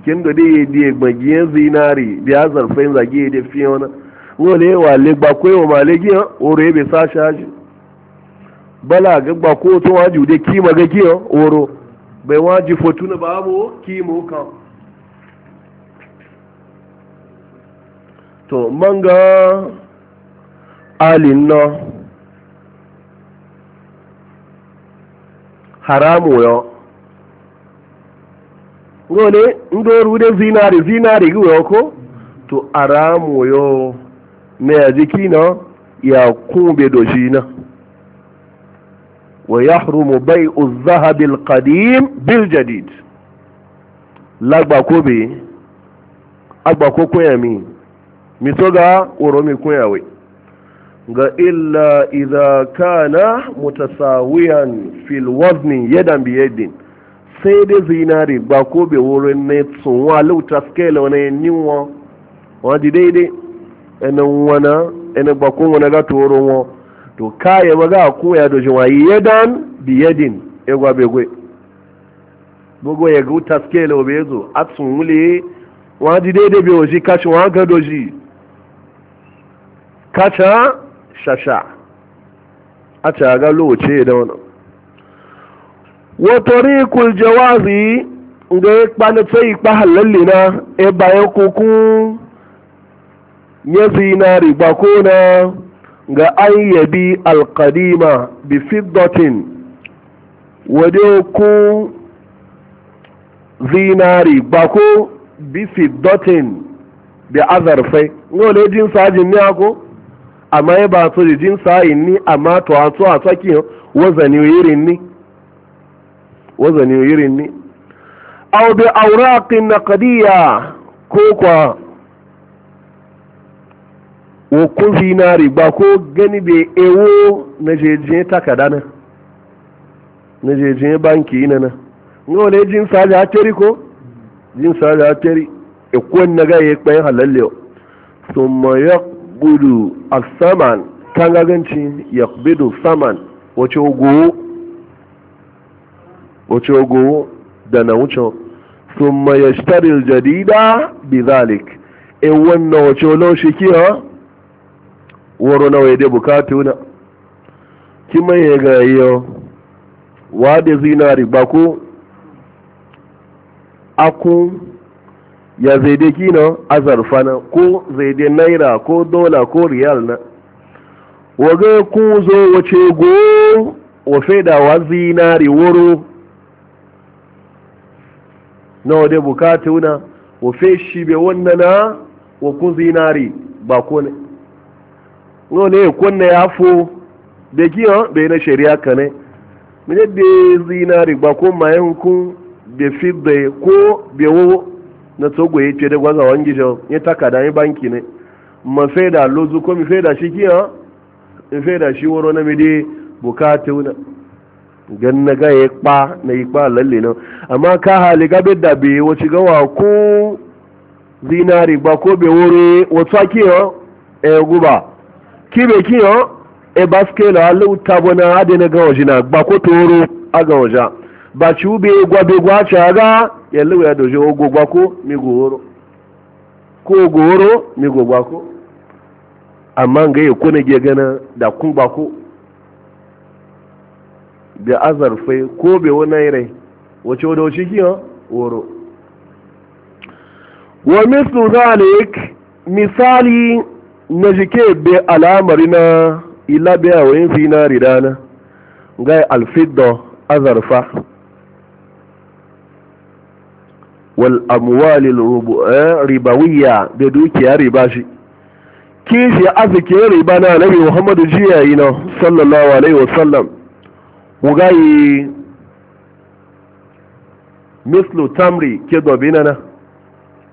kin da yi da gbagiyar zinari ya da azarfain zage da fiye wani wale wale gbaku yawa malegiya oro bai sa aji, bala ga gbaku to waju da kima ga giya oro bai waji fotuna babu kimo kan to manga alin na haramu yo ngone ndoru de zinari zinari giwe ko to haramu yo me ajiki na ya kumbe dojina wa yahrumu bai'u adh-dhahab al-qadim bil jadid lagba ko be mi ga woro mi kunya we ga illa idha kana mutasawiyan fil wazni yadan bi sai dai zinari ba ko be woro ne tun wa lauta scale wani niwo wa di daidai enan wana enan ga wọn to kaya maga a koya da yi yadan biyadin egwa begwe gbogbo ya ga taske la obe zo a tun wule wọn ji daidai bai oji kashi wọn ga doji kacha shasha a ce ga lowace da wani watori kul jawazi ga ya kpana ta kpa halalli na e bayan kuku ya zinari ba na ga an yabi alkadima bi fiddotin wade ku zinari ba ku bi fiddatin da azarfai ngole jin sajin ne ako amma ya ba su da jin sa'in ni amma to a so a saki wazani yirin ni wazani yirin ni aw bi awraqin naqdiyya ko kwa wa ko zinari ba ko gani bai ewo na jejin takada na na jejin banki na na nga le jin ja teri ko jin teri e ko na ga yi kpayin halalle. summa ya gudu Asaman saman kan gaganci ya saman wace ogowo wace ogowo da na wucin summa ya shtaril jadida bi zalik e wannan wace lo shi kiyo woro na waye bukatu na kima ya ga yau wa da zinari ba ko ya zaide kino azarfa na ko zaide naira ko dola ko riyal na waga ku zo wace go wa faida wa zinari woro na wade bukatu na wa fe shi be wannan na wa ku zinari ba ne ne kunna ya fo da kiyo bai na shari'a kane mene da zinari ba ko mayan kun da fidda ko wo na togo ya ce da gwaza wangi jo ya taka da banki ne ma faida lozu ko mi faida shi kiyo in faida shi woro na mi de bukata una gan na ga ya kpa na yi kpa lalle na amma ka hali ga bedda be wace wa ko zinari ba ko bewore wata kiyo e guba kibe kiyo e baskela alu tabona ade na gawaji na gba ko toro aga waja ba ube gwa be gwa ci aga yallu ya doje ogo gwa ko mi ko goro mi go gwa ko amma ga ya kone ge gana da kun ba ko da azarfai ko be wani rai wace wadda wace kiyo woro wa mislu zalik misali na jike be al'amari na ilabe a wayin na ridana, ga alfiddo azarfa wal amwali eh, ribawiya da dukiya riba shi kishi azike riba na nabi muhammadu jiya yi na sallallahu alaihi wa sallam wugayi mislu tamri ke dobi na na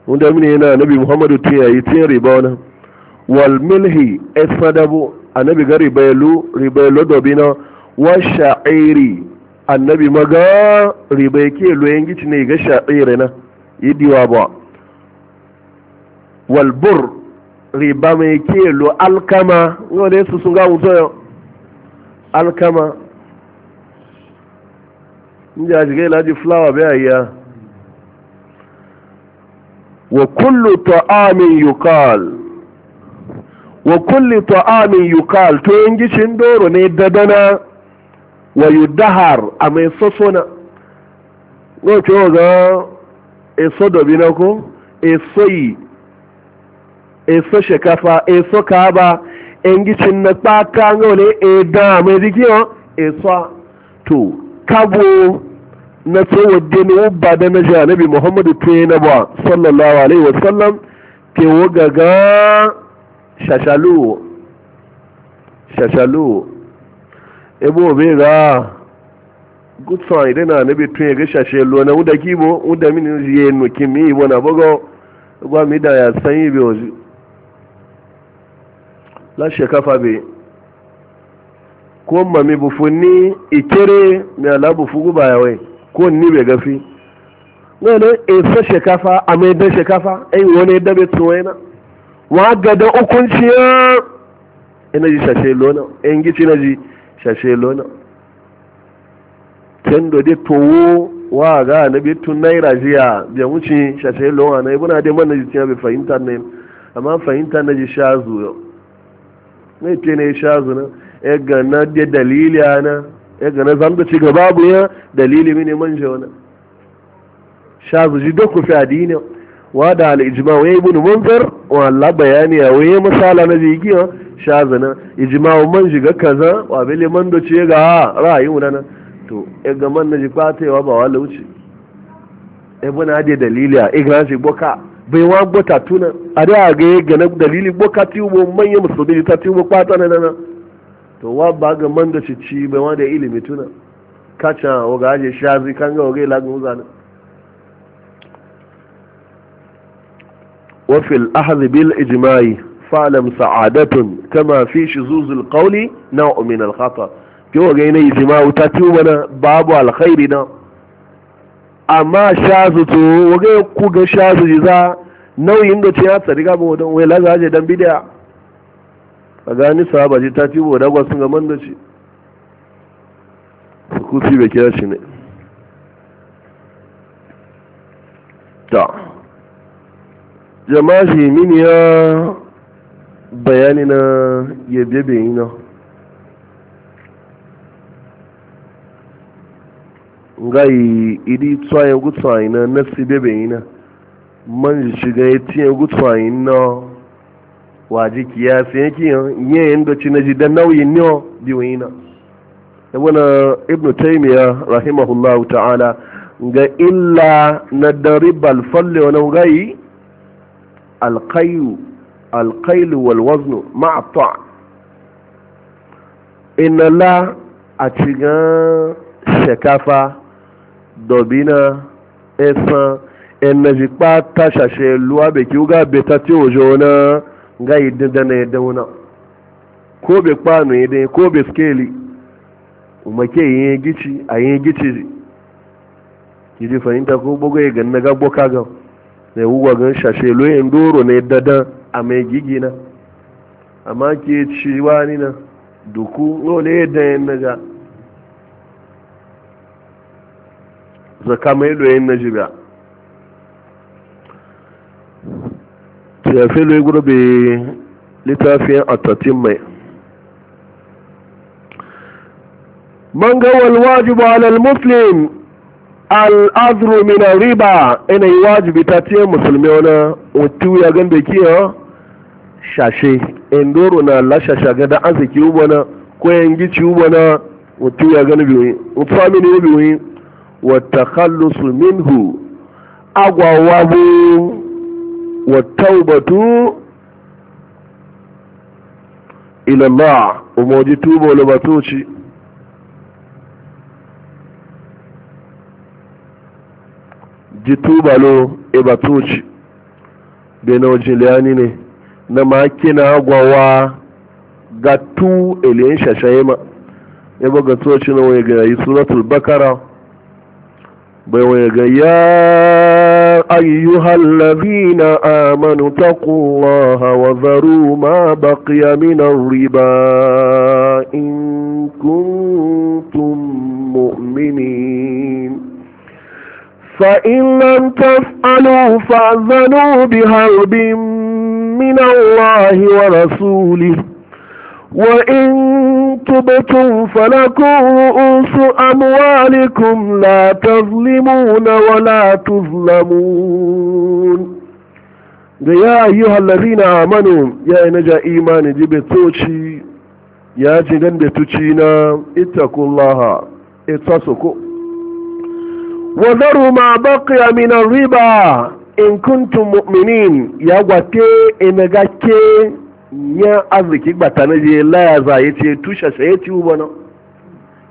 wanda mini yana nabi muhammadu yi tiyan riba wani wal milhi esadabu annabi ga ribailu ribailu dobina wa sha'iri annabi maga ribai ke loyen gici ne ga sha'iri na yidiwa ba wal bur riba mai ke lo alkama wanda su sun ga mutu alkama inda ya shiga ilaji fulawa bai ayya wa kullu ta'amin yuqal wa kulli ta'amin yuqal to yin cin doro ne dadana wa yudahar a mai sasona no ce ga eso na ko eso yi eso shekafa eso kaba e yin cin na kpaka ga wani eda mai zikiyo eso to kabo na tsohon dini ubba da na janabi muhammadu tuye na ba sallallahu alaihi wasallam ke wogaga shashalu shashalu ebe obe ga gutsan idan na nabi tun ya ga shashelu na wuda kibo wuda mini ya nuki mi ibo na bugo gwa mi da ya san yi bi ozi lashe kafa bi ko ma mi bufunni ikere mi ala bufugu ba yawai ko ni be gafi ngane e sa shekafa amai da shekafa ai e wani da be tuwaina wa da hukunci ya ina ji shashe lona in gici na ji shashe lona kendo dai towo wa ga na bi tun naira jiya bi wuce shashe lona na ibuna de man ji tiya bi fahimta ne amma fahimta na ji shazu zuwa ne ce ne shazu na e ga na dalili ana ya gana zanda ci gaba bu ya dalili mini manje wani shazu ji doku a adini wada al'ijima wa ibn munkar wa Allah bayani ya waye misala na jiki ha sha zana ijima wa man shiga kaza wa bele man do ce ga ra'ayu na to e ga man na ji kwatewa ba wala wuce e bana da dalili a e ga shi boka bai wa gbota tuna a da ga ga na dalili boka ti ubo manye musulmi ta ti ubo kwata na na to wa ba ga man da ci ci bai wa da ilimi tuna kacha wa ga je shazi kan ga wa ga lagun zana وفي الأخذ بالإجماع فعلم سعادة كما في شذوذ القول نوع من الخطأ كيو غينا إجماع تاتيوبنا باب الخيرنا أما شاذته وغير كوغا شاذ جزا نوع da ce ya tsari gaba wadon دن laza je صحابة bidiya a gani من دشي ta tibo da jama'a shi mini ya bayani na yabe yi na yi idi tsaye gutsaye na nasi bebe na man shiga ya tiye gutsaye na waji kiya sai yake yin yin da cin ji dan nauyin ne biyoyi na ibn e ibn taymiya rahimahullahu ta'ala ga illa na daribal falle wani ngai alƙayu alƙailu walwaznu ma'atta inala a cigan shekafa dobina esan enaji pata shashe luwa be ki uga beta ti ojo na ga idin dana yadda wuna ko be kpanu idin ko be skeli umake yin gici a yin gici ki ji fahimta ko bugu ya ganna ga boka gan zai wuwa gan shashe loyin doro ne dadan a mai gigi na amma ke ciwa ni na duku lole yadda yin na ja zaka mai loyin na jiga tafi loyi gurbe littafin atatin mai mangawal ga wal wajibu alal muslim al min riba ina yi wajibi ta ce musulmi wani otu ya gan da kiyo shashe indoro na lashe shaga da arziki ubo na ko yangi ci ubo otu ya gan biyu otu ya biyu wa takhallusu minhu agwa wabu wa taubatu ila Allah umoji tubo lo batuci ji tubalo ebatuci da na ojiliyani ne na makina agwawa ga tu eliyan shashaye ma yabo ga toci na wani gayi suratul bakara bai wani gaya ayyuha allazina amanu taqullaha wa zaru ma baqiya min riba in kuntum mu'minin فإن لم تفعلوا فأذنوا بهرب من الله ورسوله وإن تبتم فلكم رؤوس أموالكم لا تظلمون ولا تظلمون da ya ayyuhu allazina amanu ya yi na ja imani ji betoci ya ji dan betoci na itakullaha itasuku Wazaruma ma baqiya riba in kuntum mu'minin ya gwate inagake ya arziki gbata na laya za ya ce tushe sai ya ci ubana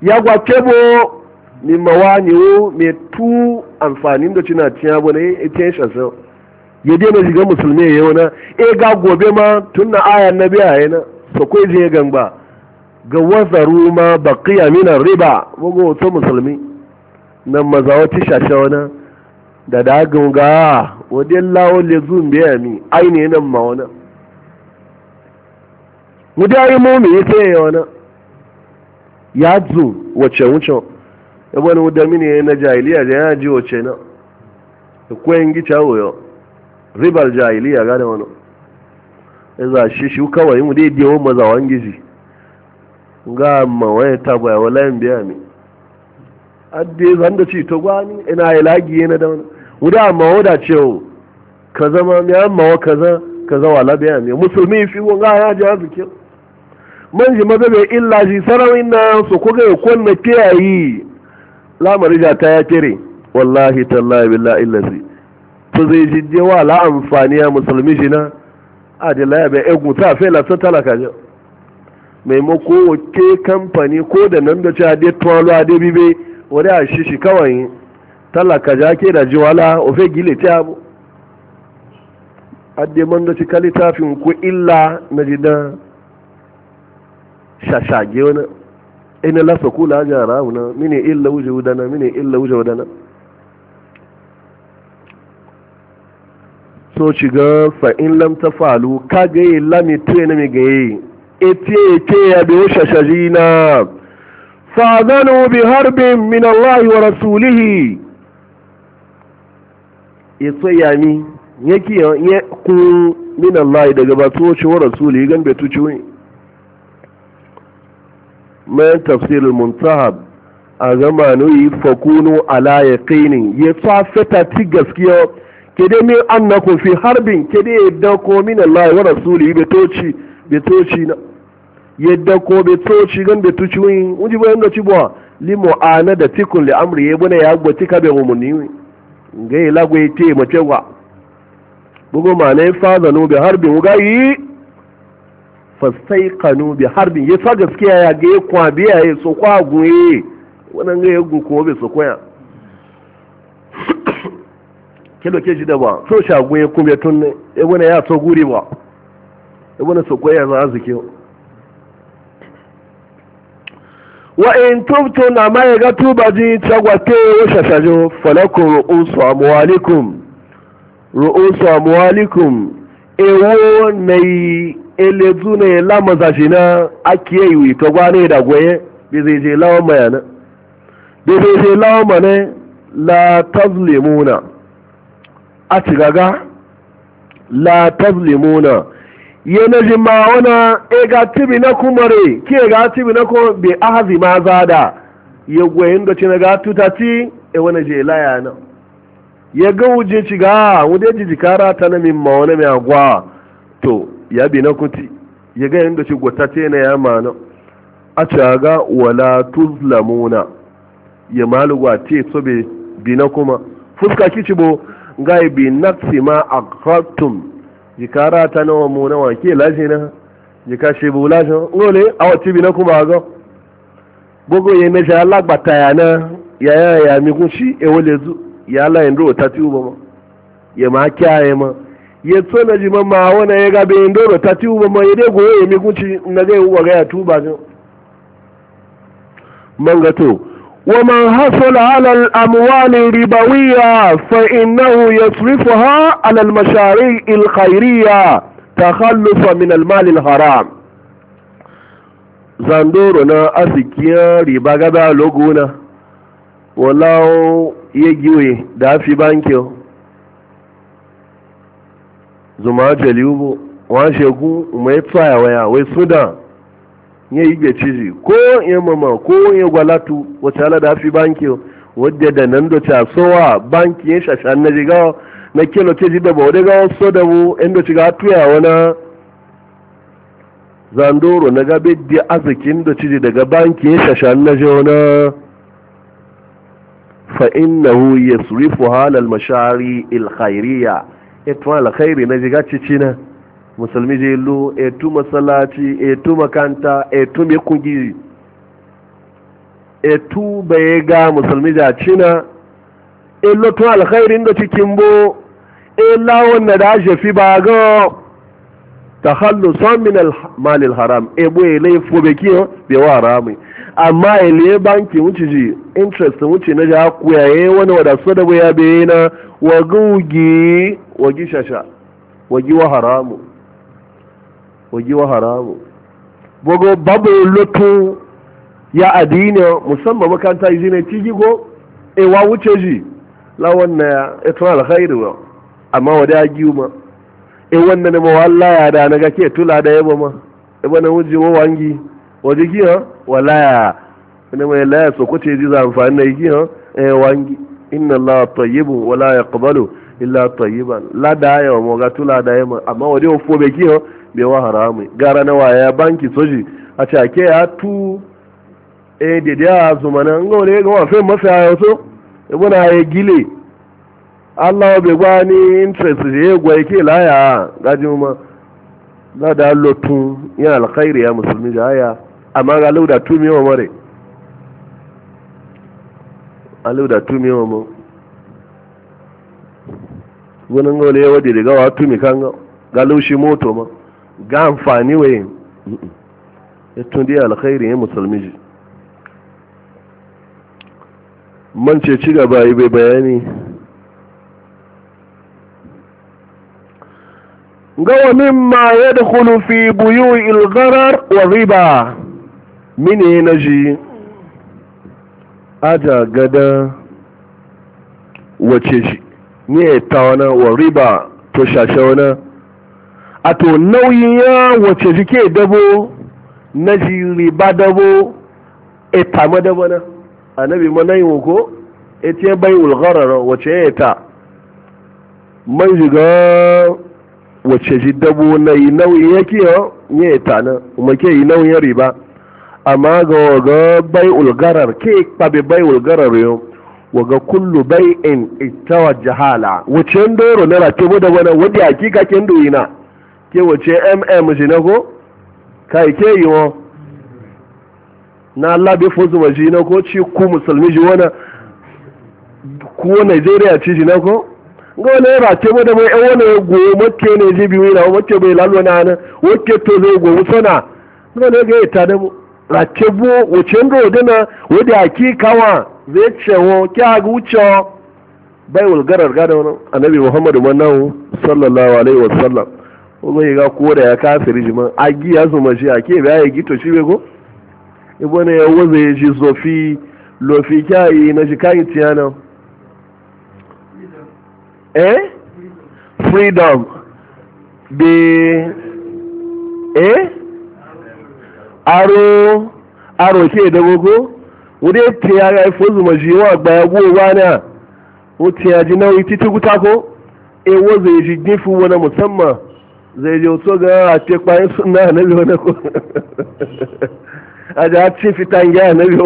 ya gwate bo ni me tu amfanin da cina ciya bo na ita shi sai ya daina shiga musulmi ya yau e ga gobe ma tun na ayan na biya ya so kai je gangba ga wazaru ma baqiya min riba bugo to musulmi na maza wata shashe wani da dagin ga wadda lawo le zuwan biya mi aini nan ma wani wadda ya yi momi ya tsaye wani ya zu wace wuce ya bani wadda mini ya na jahiliya da yana ji wace na da kwayan gita wuyo ribar jahiliya gane wani ya za shi shi kawai mu dai dewa maza wangiji ga amma wani taba ya wala yin biya mi adde zan da ci to gwani ina ya lagi yana da wani wuda amma ce cewa ka zama mai amma wa kaza kaza wa labiya mai musulmi fi wanga ya ji bikin. man ji maza bai illa shi sarawin na su kuka ya kunna kiyayi lamarin ja ta ya kire wallahi tallahi billahi illazi to zai ji wa la amfani ya musulmi shi na adila ya bai egu ta fe la talaka je maimako ke kamfani ko da nan da ci ade tuwalu ade bibe wani a shi kawai talaka jake da jiwala ofe gile ta abu adde man da cika littafin ku illa na jidan shashage wani ina lasa kula jara wuna mini illa wuce wudana mini illa wuce wudana so shiga fa'in lam ta falu ka gaye lami tuye na mai gaye ete ke ya biyo shashaji na فاذنوا بهرب من الله ورسوله يصيامي yake ya kun min Allah daga ba tuwoci wa rasuli gan bai tuci ni? mai tafsir muntahab a zamanu yi fakunu ala yaqinin ya ta fita ti gaskiya kede min annakum fi harbin kede da ko min wa na yadda ko bai toci gan bai tuci wani wuji bayan da ci buwa limo ana da tikun li amri ya bune ya gwati ka bai umarni wi ga yi lagwai te mace gwa bugu ma na yi faza no bai harbin wuga yi fastai kanu bai harbin ya sa gaskiya ya ga ya kwa biya ya so kwa guye wannan ga ya gun kuma bai so kwaya kilo ke ji da ba so shagun ya kuma tun ne ya bune ya so guri ba ya bune so kwaya za a zikin wa in tubtum amma ya ga tuba ji tsagwate ya shashajo falakun ru'usu amwalikum ru'usu amwalikum ewo mai elezu ne lamaza shi na ake yi wito gwane da gwaye bi zai je lawan mayana bi zai je lawan mane la tazlimuna a cigaga la tazlimuna yanayi ma'auna e ga tibi na kumare ki ga tibi na kuma bi ahazi ma da ya gwayin da na ga ci e wani je laya na ya ga wuje ci ga wude ji jikara ta na min ma'auna mai agwa to ya bi na kuti ya ga yin da ci na ya ma'ana a ci ga wala tuzlamuna ya maluwa te so bi na kuma fuska ci bo ga bi naksima aqrattum jikara ta nawa mu nawa ke lashi na jika shebu lashi awa tibi na kuma gogo ya na ya ya ya mi e zu ya la ma ma kya ma ma ma mi na uwa ga ya tuba mangato ومن حصل على الأموال الربوية فإنه يصرفها على المشاريع الخيرية تخلصا من المال الحرام زندورنا أسكيا ربا غدا لغونا ولو يجوي دا في بانكيو زما جليوبو وانشيكو شيكو ما ويا ويسودا ya yi ga ciji ko ya mama ko ya gwalatu wacce ala da fi banki wadda da nan da ta sowa banki ya shashan na jiga na kilo keji da ba wadda ga wasu da mu inda ga tuya wani zandoro na gabe da arzikin da ciji daga banki ya shashan na jiga wani fa'innahu yasrifu halal mashari ilkhairiya ita alkhairi na jiga cicina musulmi je lo etu masallaci etu makanta etu mai kungi etu bai ga musulmi da cina ilotun e alkhairin da cikin bo illa e na da shafi ba ga takhallusan min malil haram ebo e ile fobe kiyo be wa harami amma ile banki wuce ji interest wuce na ja kuyaye wani wada so da ya be na wagugi wagi shasha wagi wa haramu wa haramu bogo babu lotu ya adini musamman makanta yi zine tigigo ewa wuce ji lawan e na etun alkhairu ba amma wa ya giyu ma e wannan ma walla ya da na gake tula da yaba ma e bana wuje wa wangi waje giya wala ya ne mai la ko te ji za amfani na giya e wangi inna allaha tayyibun wala yaqbalu illa tayyiban la da ya mo ga tula da yaba amma wada fo be giya bai wa haramun gara na waya banki soji a cake ya tu eh dede a zumana ngo le ga wa fe masa ya so ibuna e, ya gile Allah bai gwa ni interest je gwa yake laya gaji ma na da lotun yana alkhairi ya musulmi jaya amma ga lauda tu mi wa mare alauda tu mi wa mu wani ngo le wa dede ga wa tu mi kan ga laushi moto ma ga amfani waye ya tundi alkhairi ya musulmi ji man ce ci gaba yi bai bayani gawa mimma ya da fi buyu ilgarar wa riba mini na ji aja gada wace shi ne ta wani wa riba to shashe wani a to nauyin ya wace jike dabo na jiri ba dabo e tama dabo na annabi mana yi ko e tiye bai ulgharar wace ya ta man jiga wace ji dabo na yi nauyi ya kiyo ya ta na kuma ke yi nauyin riba amma ga waga bai ulgharar ke kpabe bai ulgharar yau waga kullu bai in ita wa jahala wace doro na rakibu da wani wadda hakika kin na? ke wace mm ji na ko kai ke yi wa na labe fozuma ji na ko ci ku musulmi ji wana kuwa nigeria ci ji na ko ga wani ba ce mu da mai yan wani goyo mace ne ji biyu na mace bai lalwa na ana wacce to zai goyo sana ga ne ga ita ta da mu race bu da na, wadda aki kawa zai cewa kya gucewa bai wulgarar gada wani annabi muhammadu mannahu sallallahu alaihi wasallam yi ga kóra ya kafiri jiman agi ya zuma shi ke biya ya gito shi ibo ne ya waza ya ji zofi lofi kyayi na shi kayi tiyana eh freedom be eh aro aro ke da gogo wuri tiya ga ifo zuma shi wa gbaya ya gowa a o ya ji nauyi titi guta ko e waza ya ji gifin wani musamman zai je wato ga a ce suna na biyu na ko a ja ci fitan gya na biyu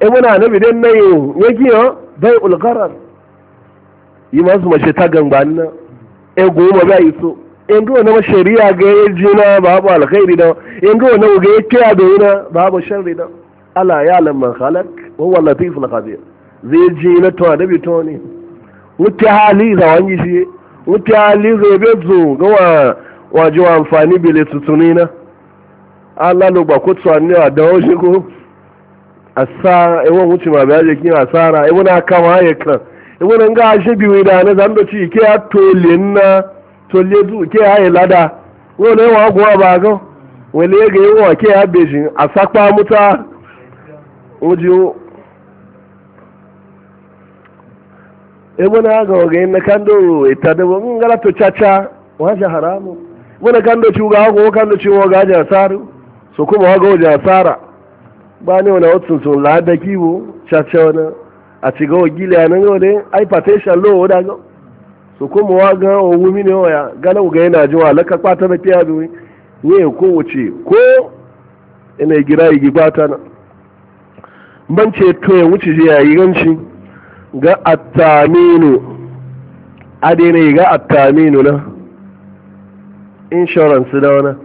e muna na biyu den na yau ya giyo bai ulgarar yi masu mace ta gangba na e goma yi so in duwa na shari'a ga ya e ji na babu alkhairi na in duwa e na ga ya kiya da na babu sharri na ala ya lamman khalak wa huwa latiful khabir zai ji na to da bi to ne mutti hali da wani shi mutali zai bezo ga wa waje wa amfani bile tutuni na Allah lo ba ko tsani a dawo shi ko asa ewo wuce ma ba je kin asara ewo na kama ya kan ewo nan ga shi biwi da na zan ci ke ya tole na tole zu ke ya lada wo ne guwa go ba go wele ga yawa ke ya bejin asapa muta ojo ebona aga oge na kando ita da bon mm, ngala to chacha waje haramu bona kando ci ga go kando ci ga ja saru so kuma ga ja sara ba ne wala otsun so la da kiwo chacha wana a ci ga gile anan ga ne ai patation lo da ga so kuma wa ga o wumi ne waya gala ga yana jiwa laka kwata ba tiya bi ne ko wuce ko ina gira yi kwatana. na ban ce to ya wuce je yayi ga attaminu adini ga attaminu na insurance da wana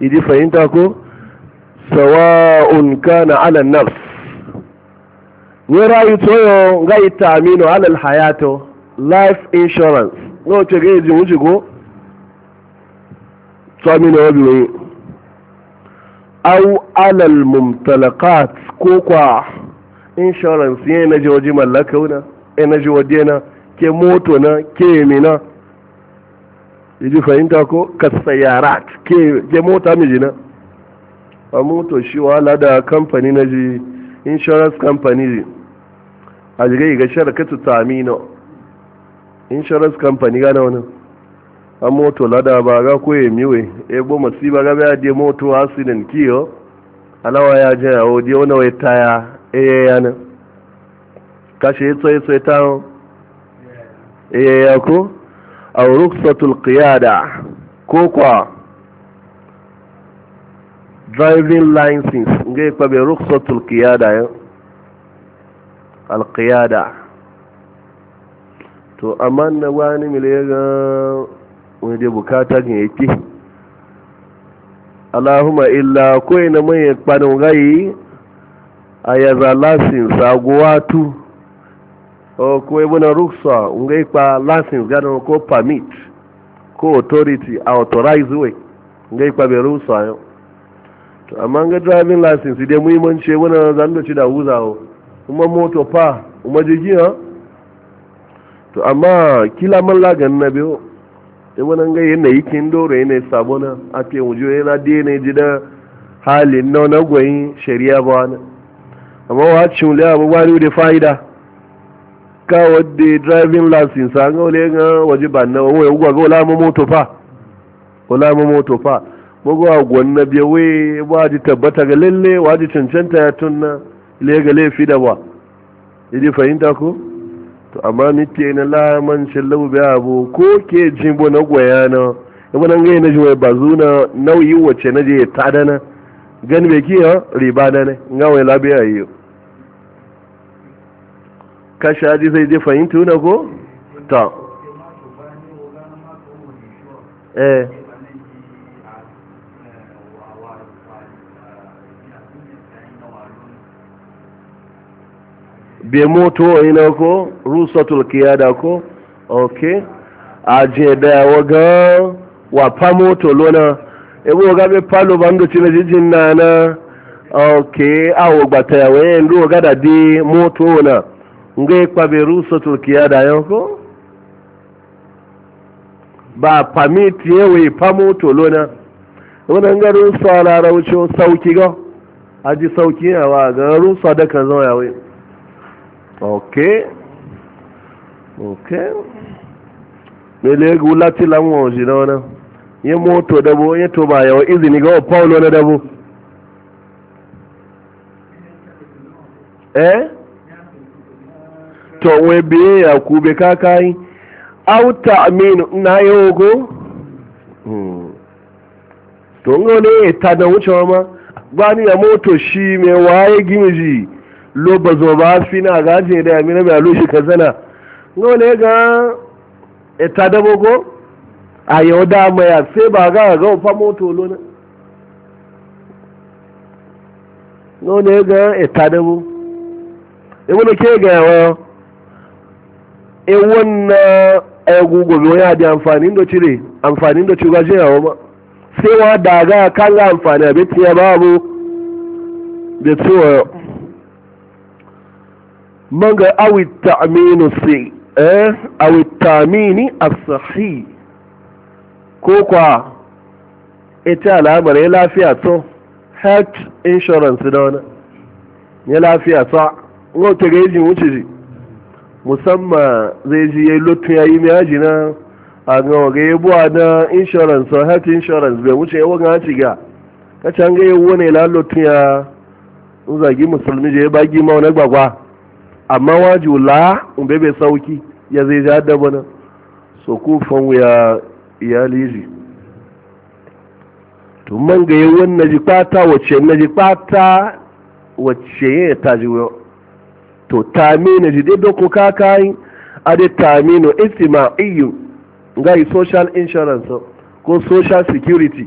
idi fahimta ko sawa'un kana ala nafs ni rayu toyo ga itaminu ala hayato life insurance no ce ga yi wuce ko tsamini wabi wani au alal mumtalakat ko kwa insurance yin na jiwaji mallaka wuna yin e na jiwaje na ke moto na ke mina ji fahimta ko ka sayarat ke mota miji na a moto shi wahala da kamfani na ji insurance company ji a jiga ga sharkatu tamino insurance company gana wani a moto lada ba ga koye miwe e bo masiba ga ba da moto accident kiyo alawa ya je yawo de wani wai taya eye eh, yana kashi yi tsaye tsaye ta eye eh, ya ko a rukfatul qiyada ko kwa driving license ngai kwabe rukfatul qiyada ya alkiyada to amma na wani miliyaga wani da bukata ne yake Allahumma illa ko na manyan kwanon gayi ayaza license agwatu ko ibuna ruksa nga ikpa license gana ko permit ko authority authorize we nga kpa be ruksa yo to amma nga driving license ide muhimmanci ibuna zan da ci da O kuma moto pa kuma jirgi to amma kila malla lagan na biyo ibuna nga yana yikin re yana sabona a ke wujo yana jida hali na wani gwayin shari'a amma wa cin le abu wani da fa'ida ka wadda driving license an ga wule ga waje ba na wani ya ga wula mu moto fa wala mu moto fa bugu a gwanna biya we waji tabbata ga lalle ji cancanta ya tunna le ga laifi da ba idi fahimta ko to amma ni ke na lamancin labu biya abu ko ke jimbo na gwaya na yabo nan gaya na jiwa ba zuna nauyi wacce na je ya dana gani mai kiya riba na ne nga wai labiya yi kashi aji zai je fahimta na ko ta eh be moto ina ko rusatul kiyada ko ok a je da waga wa pa moto lona ebo oga be palo bando chine jijin na Oke, awo gbata ya wee ndu ga da di moto na nga kwa be ruso turkiya da yoko ba permit yewe pa moto lona wannan garin su a larauci sauki ga aji sauki yawa garin su da kan zama yawai ok ok mele gula tilan wa wajen wannan ya moto dabo ya to ba yawa izini ga paulo na dabo eh to we biye ya kube kakai au ta'min na yogo hmm. to to ne ta da wucewa ma ni ya moto shi me waye gimiji lo bazo ba na gaje da amina a lo shi kazana ne ga ta da bogo a yau da ya sai ba ga ga fa moto lona no ne ga etadabu e wani e ke ga yawa e wannan ayogu gobe wani adi amfani da cire amfani da cuga je yawa ma sai wa daga kan ga amfani abin tiya babu da cewa ga ta'minu si eh awit ta'mini as-sahih ko kwa ita al'amar ya lafiya to health insurance da wani ya lafiya to wata ga yajin wuce ji musamman zai ji ya yi lotu ya yi miyaji na a ga waga ya buwa na insurance or health insurance bai wuce ya waga ci ga kacha ga ya wani la lotu ya zagi musulmi je ya bagi ma wani gbagwa amma waju la un bebe sauki ya zai ja da so ku fan iyali ji to man ga yawan na ji kwata wacce na ji kwata wacce ya ta ji to tami na ji dai doko kakayi a dai tami iyu ga yi social insurance ko social security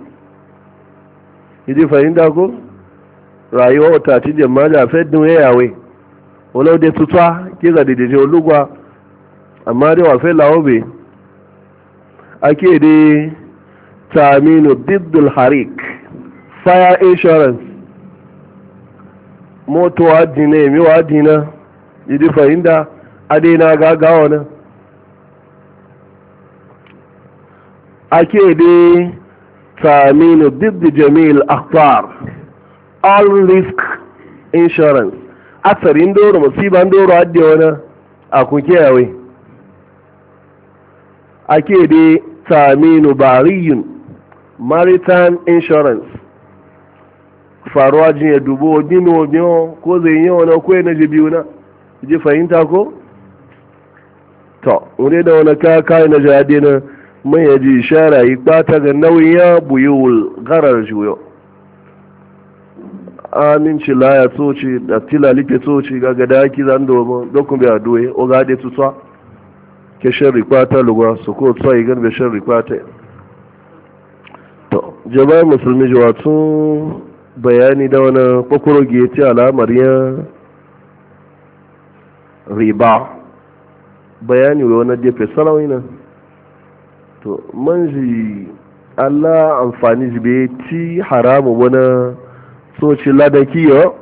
idi fahimta ko rayuwa wata ti jama'a da fedin yayawai wani tuntun tutuwa ẹ̀ka da ṣe olugwa amma dai wa làwọn lawobe ake dai taminu diddul harik fire insurance moto adina emi wa adina idi fahimta adina gagawa nan ake dai taminu diddul jamil akhtar all risk insurance asarin doro musiban doro adda wani a kuke yawai ake dai التامين bariyun ماريتان انشورنس faruwa jin ya dubu obin obin ko zai yi wani ko na ji biyu na ji fahimta ko to wani da wani ka na jadi mun yi ga nauyin ya aminci laya tsoci da tilalike soci ga gada ki zan domin dokun biya doye o ga de ke sharri kwata lugwa su ko tsayi gan be rikwata kwata to jama'a musulmi ji wato bayani da wani kokoro geti alamar ya riba bayani wa wani jefe salawai nan to manzi allah amfani jibe ti haramu wani soci ladakiyo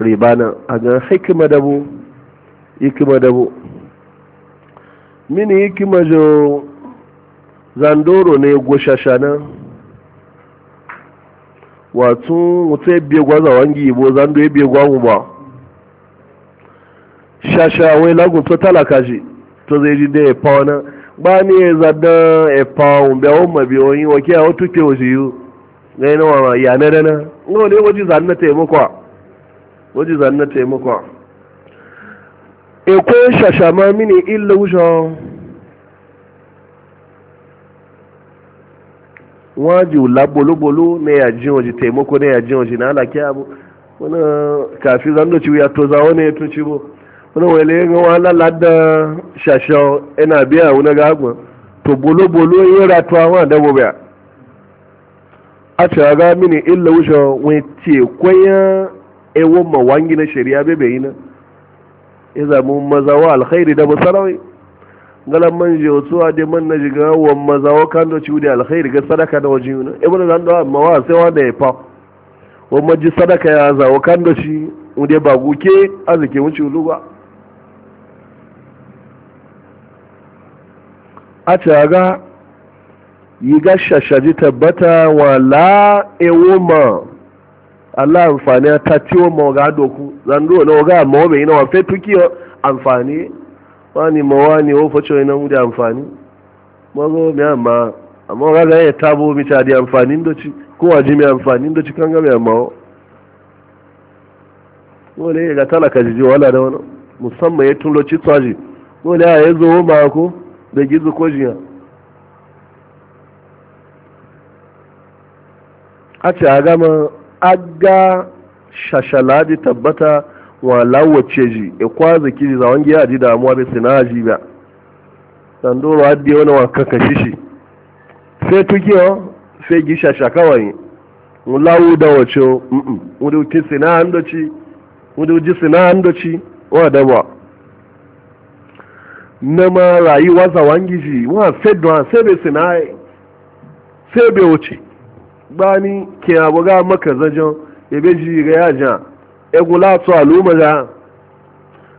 riba na a ga hikima dabo hikima dabo mini hikima jo zandoro ne goshasha nan wato mutu ya biye gwaza wangi ibo zando ya biye gwamu ba shasha wai lagun to talaka shi to zai ji e da ya fa wani ba ni ya zada ya fa wani biya wani mabi wani wake a wata ke wasu yi na yi na wa ya na dana ne waje zanna taimakwa waje zanna taimakwa ekwe shashama mini illa wujo waji ula bolo-bolo na ya ji oji na ya ji oji na ala kya bu kafi zando ya to zawo ne shasha ina biya to biya a cewa ga mini na shari'a bebe iza mun mazawa alkhairi da basarawi galan man je wasu a de man na jiga wa mazawa kan da ciwo da alkhairi ga sadaka da wajen yuna ibn zan da mawa wa sai wa da ya fa wa maji sadaka ya zawo kan da shi ude ba guke azike mun ci ba. a ga yi ga shashaji tabbata wa la ewoma Allah amfani ta ciwo ma ga doku zando na ga ma wa ina wa tuki kiyo amfani wani ma wani wo facho ina mu da amfani mago mi amma amma ga ga ya tabo mi ta di amfani ndo ci ko waji mi amfani ndo ci kanga mi amma wo wole ga talaka jiji wala da wani musamman ya tun loci tsaji wole ya zo ma ko da gizo ko jiya a ce a gama shashala shashalaji tabbata wa lawace e ji e kwaza ki ji zawon giya ji damuwa bai sinaji ba dan doro haddi wani wa kaka shi sai tukiyo sai gi shasha kawai mu lawu da wace mu da ki sina andoci mu da ji sina andoci wa da ba na ma rayuwa zawon giji ji wa sai don sai bai sina sai bai wuce bani ke abu ga maka zajen ebe ji ga ya ja egula to aluma ga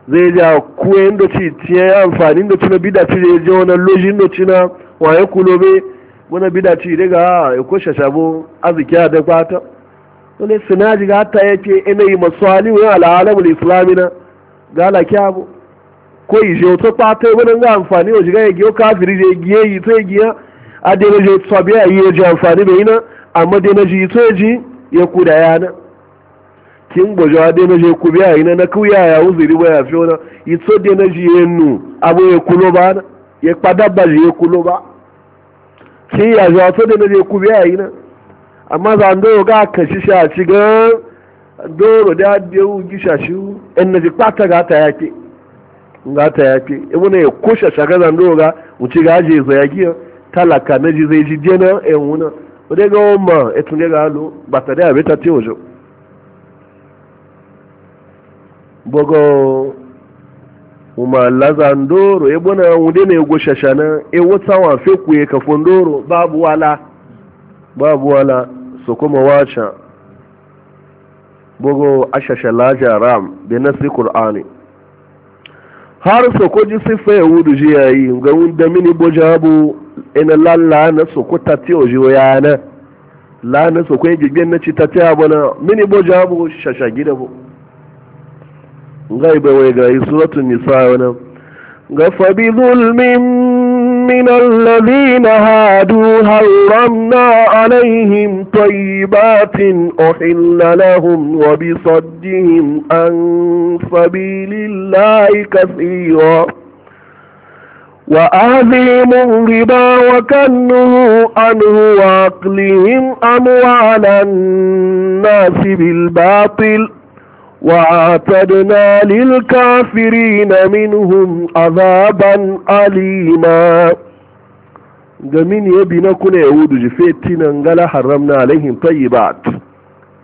zai ja ku endo ci tiye amfani da tuna bida ci je loji lojin ci na waye kulobe wani bida ci daga ko shashabo a da kwata wani sinaji ga ta ce ina yi hali wani al'alamul islami na ga alaki abu ko yi je fata kwata wani ga amfani wa shiga ya giyo kafiri je giye yi to ya giya adere je to biya yi ji amfani bai na amma dai na ji to ji ya ku da yana kin gbojo dai na je ku biya ina na ku ya ya uzuri wa ya fi ona ito dai na ji yenu abu ya kulo ba na ya pada ba ji ya kulo ba kin ya zo to dai na je ku biya ina amma za ndo ga ka shi sha ci ga doro da da u sha shi en na ji pata ga ta yake ga ta yake ibu e ne kusha shaga za ndo ga mu ci ga je zo ya giya talaka na ji zai ji dena en wuna wadai ga wamma etun ga galo ba ta da abita ti ojo bogo uma lazandoro e bona wude ne go shashana e wata wa fe ku ka fondoro babu wala babu wala so kuma wacha bogo ashasha laja ram bi nasi qur'ani har so ko ji ya yahudu ji yayi ga wunda mini bojabu ina lalla na su ku tati ojo ya na la na su ku gigbe na ci tati abona mini bo jabu shasha gida bo ngai bai wai ga suratul nisa wannan ga fa zulmin من الذين هادوا حرمنا عليهم طيبات أحل لهم وبصدهم عن سبيل الله كثيرا وآذهم الربا وكنه أنه وأقلهم أموال الناس بالباطل واعتدنا للكافرين منهم عذابا أليما جمين يبين كن يهود جفيتنا انقل حرمنا عليهم طيبات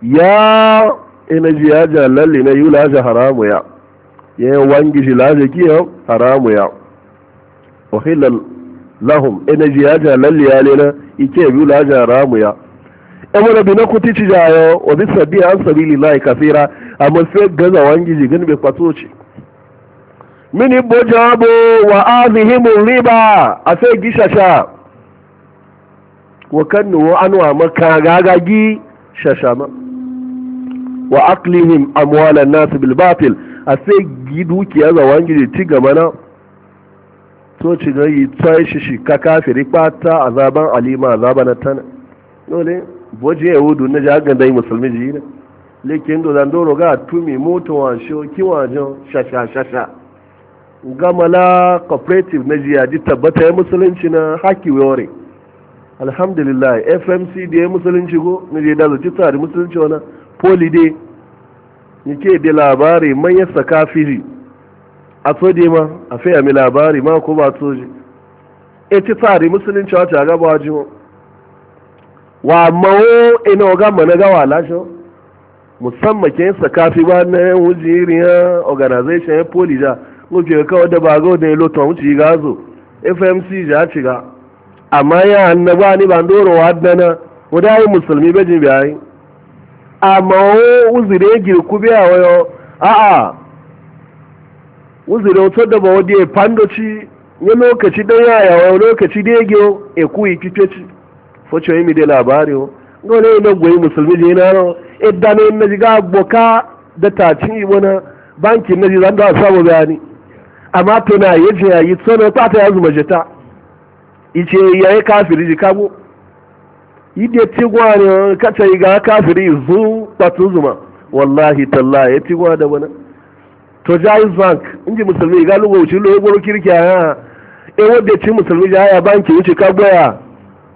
يا إن جياجا للي نيو لاجا يا يا وانجي جلاجا كيهم حرام يا ohilal lahum ina ji ya ja lalliya ne na ike biyu la ja ramu ya e wani bi na kuti ci jayo wa bi sabi an sabi lillahi kafira, amma sai gaza wangi ji gani bai kwato ce mini bo jawabo wa azihimun riba a sai gishasha wa kannu wa anwa maka gagagi shashama wa aklihim amwalan nasu bil batil a sai gi dukiya za wangi ji ci gaba na so ci ga yi tsaye shi shi ka kafiri kwata zaben alima a na tana dole boje yahudu na ji hagan dai musulmi ji ne lekin do zan doro ga tumi moto wa sho wa jo shasha shasha gamala cooperative na ji ji tabbata ya musulunci na haki wore alhamdulillah fmc da ya musulunci go na je da zuci tsari musulunci wana poli dai ke da labari manyan sakafiri a tsodi ma a fiya mi labari ma ko ba tsoji e ti tsari musulunci wata ga ba ji wa mawo ina e ga mana ga wala shi musamman ke sa kafi ba na wujiriya organization ya poli ja ngoje ka wada ba go da loto wuci ga zo FMC ja ci ga amma ya annaba ni wa doro wadana yi musulmi bejin bai amma o uzire girku biya wayo a'a wuzuri otu da ba wadda pandoci ya lokaci don ya yawa lokaci da yagyo e kuyi kifeci focho yi mi de labari o ngole ina goyi musulmi je na no edda ne na jiga boka da ta cin yi wani bankin na jiran da samu bayani amma to na yaje yayi tsano ta ta yanzu majeta ice yayi kafiri ji jikabu ide tigwa ne kace ga kafiri zu patu zuma wallahi talla tallahi tigwa da wani to jayi bank inji musulmi galibu wuce lo ya gwaro kirki a e wadda ci musulmi ya ya banki wuce ka goya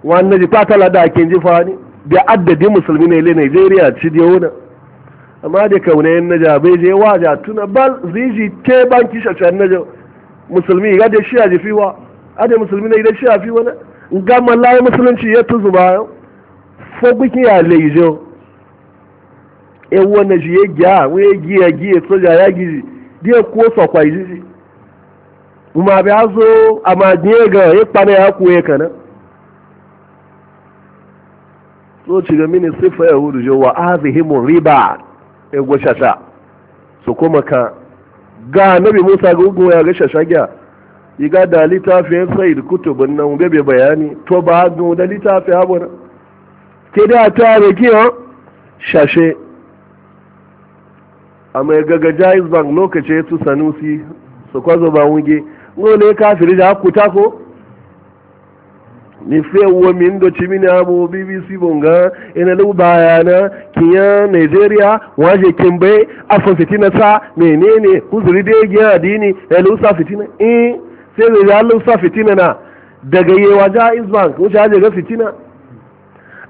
wannan ji fatala da ake ji fani da addadin musulmi ne le nigeria ci da wuna amma da kaunayen naja bai je waja tuna bal ziji te banki shashen na musulmi ga da shi a fiwa a da musulmi na da shi a fi wani ga layi musulunci ya tuzu ba fogukin ya leijo e wannan shi ya gya wani gya gya soja ya gizi díẹ̀ kú sọ̀kọ̀ ìzízi mo máa bí a gan yìí yẹ kàn náà mini sifa yahudu jo wa e kuma ka musa ga ugun ya yi ga da littafi sayyid bayani to ba ga a mai gaga jais bank lokaci su sanusi su kwazo ba wuge ngole kafiri da hakuta tako ni fewo min do na abu bbc bonga ina lu bayana kiya nigeria waje kimbe afa fitina sa menene Kuzuri de giya dini elu sa fitina eh sai da ya sa fitina na daga yewa jais bank wuce aje ga fitina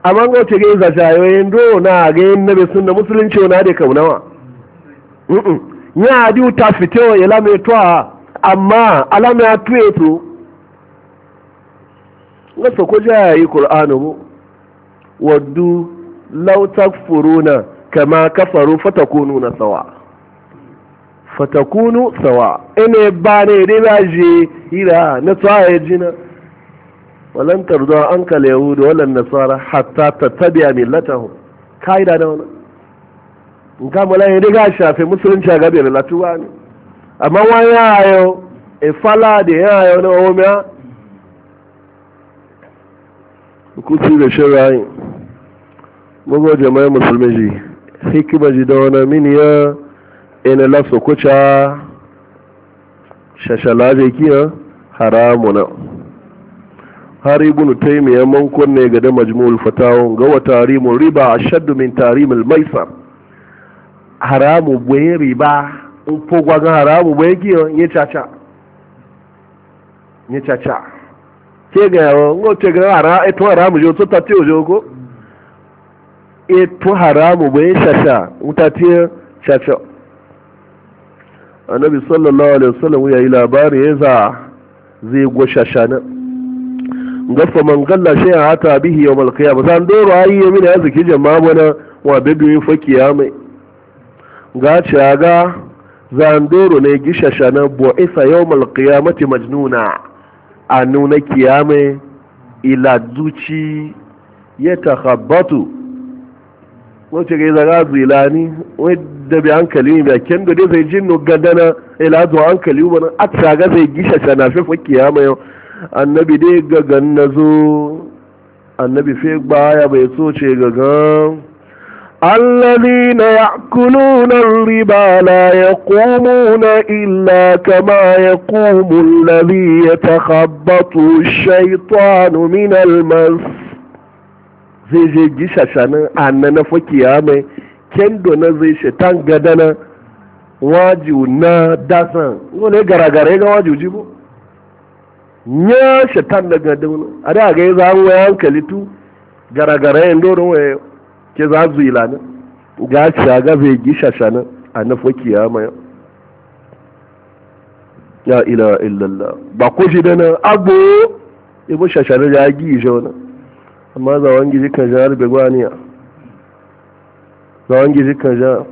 amma ga ce ga za jayo endo na ga yin nabe sunna musulunci na da kaunawa ya adi uta o ya lami amma alami atu eto nga soko yi kur'anu mu waddu law takfuruna kama kafaru na sawa fatakunu sawa ene bane de je ira na ya jina walan zuwa anka kala yahud wala nasara hatta tattabi'a millatahum kaida da wani. nka mala yadda riga shafe musulunci a gabe latuwa ne amma wani ya ayo e fala da ya ayo na omiya hukunci da yi gbogbo jama'a musulmi ji hikima ji da wani mini ya ina lafsa kuca shashala je kiya haramuna har ibn taymiya man kunne ga da majmu'ul fatawun ga wa tarimul riba ashaddu min tarimul maisar haramu gbe riba npo haramu gbe giyo nye chacha nye chacha ke ga yawo ngo te ga hara eto haramu jo to tati ojo ko eto haramu gbe chacha utati chacha annabi sallallahu alaihi wasallam ya yi labari ya za zai go chacha na gafa man galla shi hata bihi yawmal qiyamah doro ayi wa bibi fakiya mai gaci ga zandoro ne gishasha na bo isa yau malkiyamati majnuna a nuna kiyame ila zuci ya takhabbatu wace ga yi zaga zilani wadda bi hankali ne kyan da dai zai jinnu gadana ila zuwa hankali wani a ga zai gishasha na fafa kiyama yau annabi dai gagan na zo annabi fi baya bai so ce gagan الذين يأكلون الربا لا يقومون إلا كما يقوم الذي يتخبطه الشيطان من المس zai je gisha shanin anna na fakiya mai kendo na zai shaitan gada na wajiu na dasan wani ga wajiu jibo ya shaitan da gada wani a da ga yi za hankali tu garagara yin doron ke za su yi lana ga shaga zai gisha shana a na foki ya maya ya ila illallah ba ko shi dana abu ibu shashana ya gi ishe wani amma za wangi jikan jihar begwaniya gizi kan jikan ya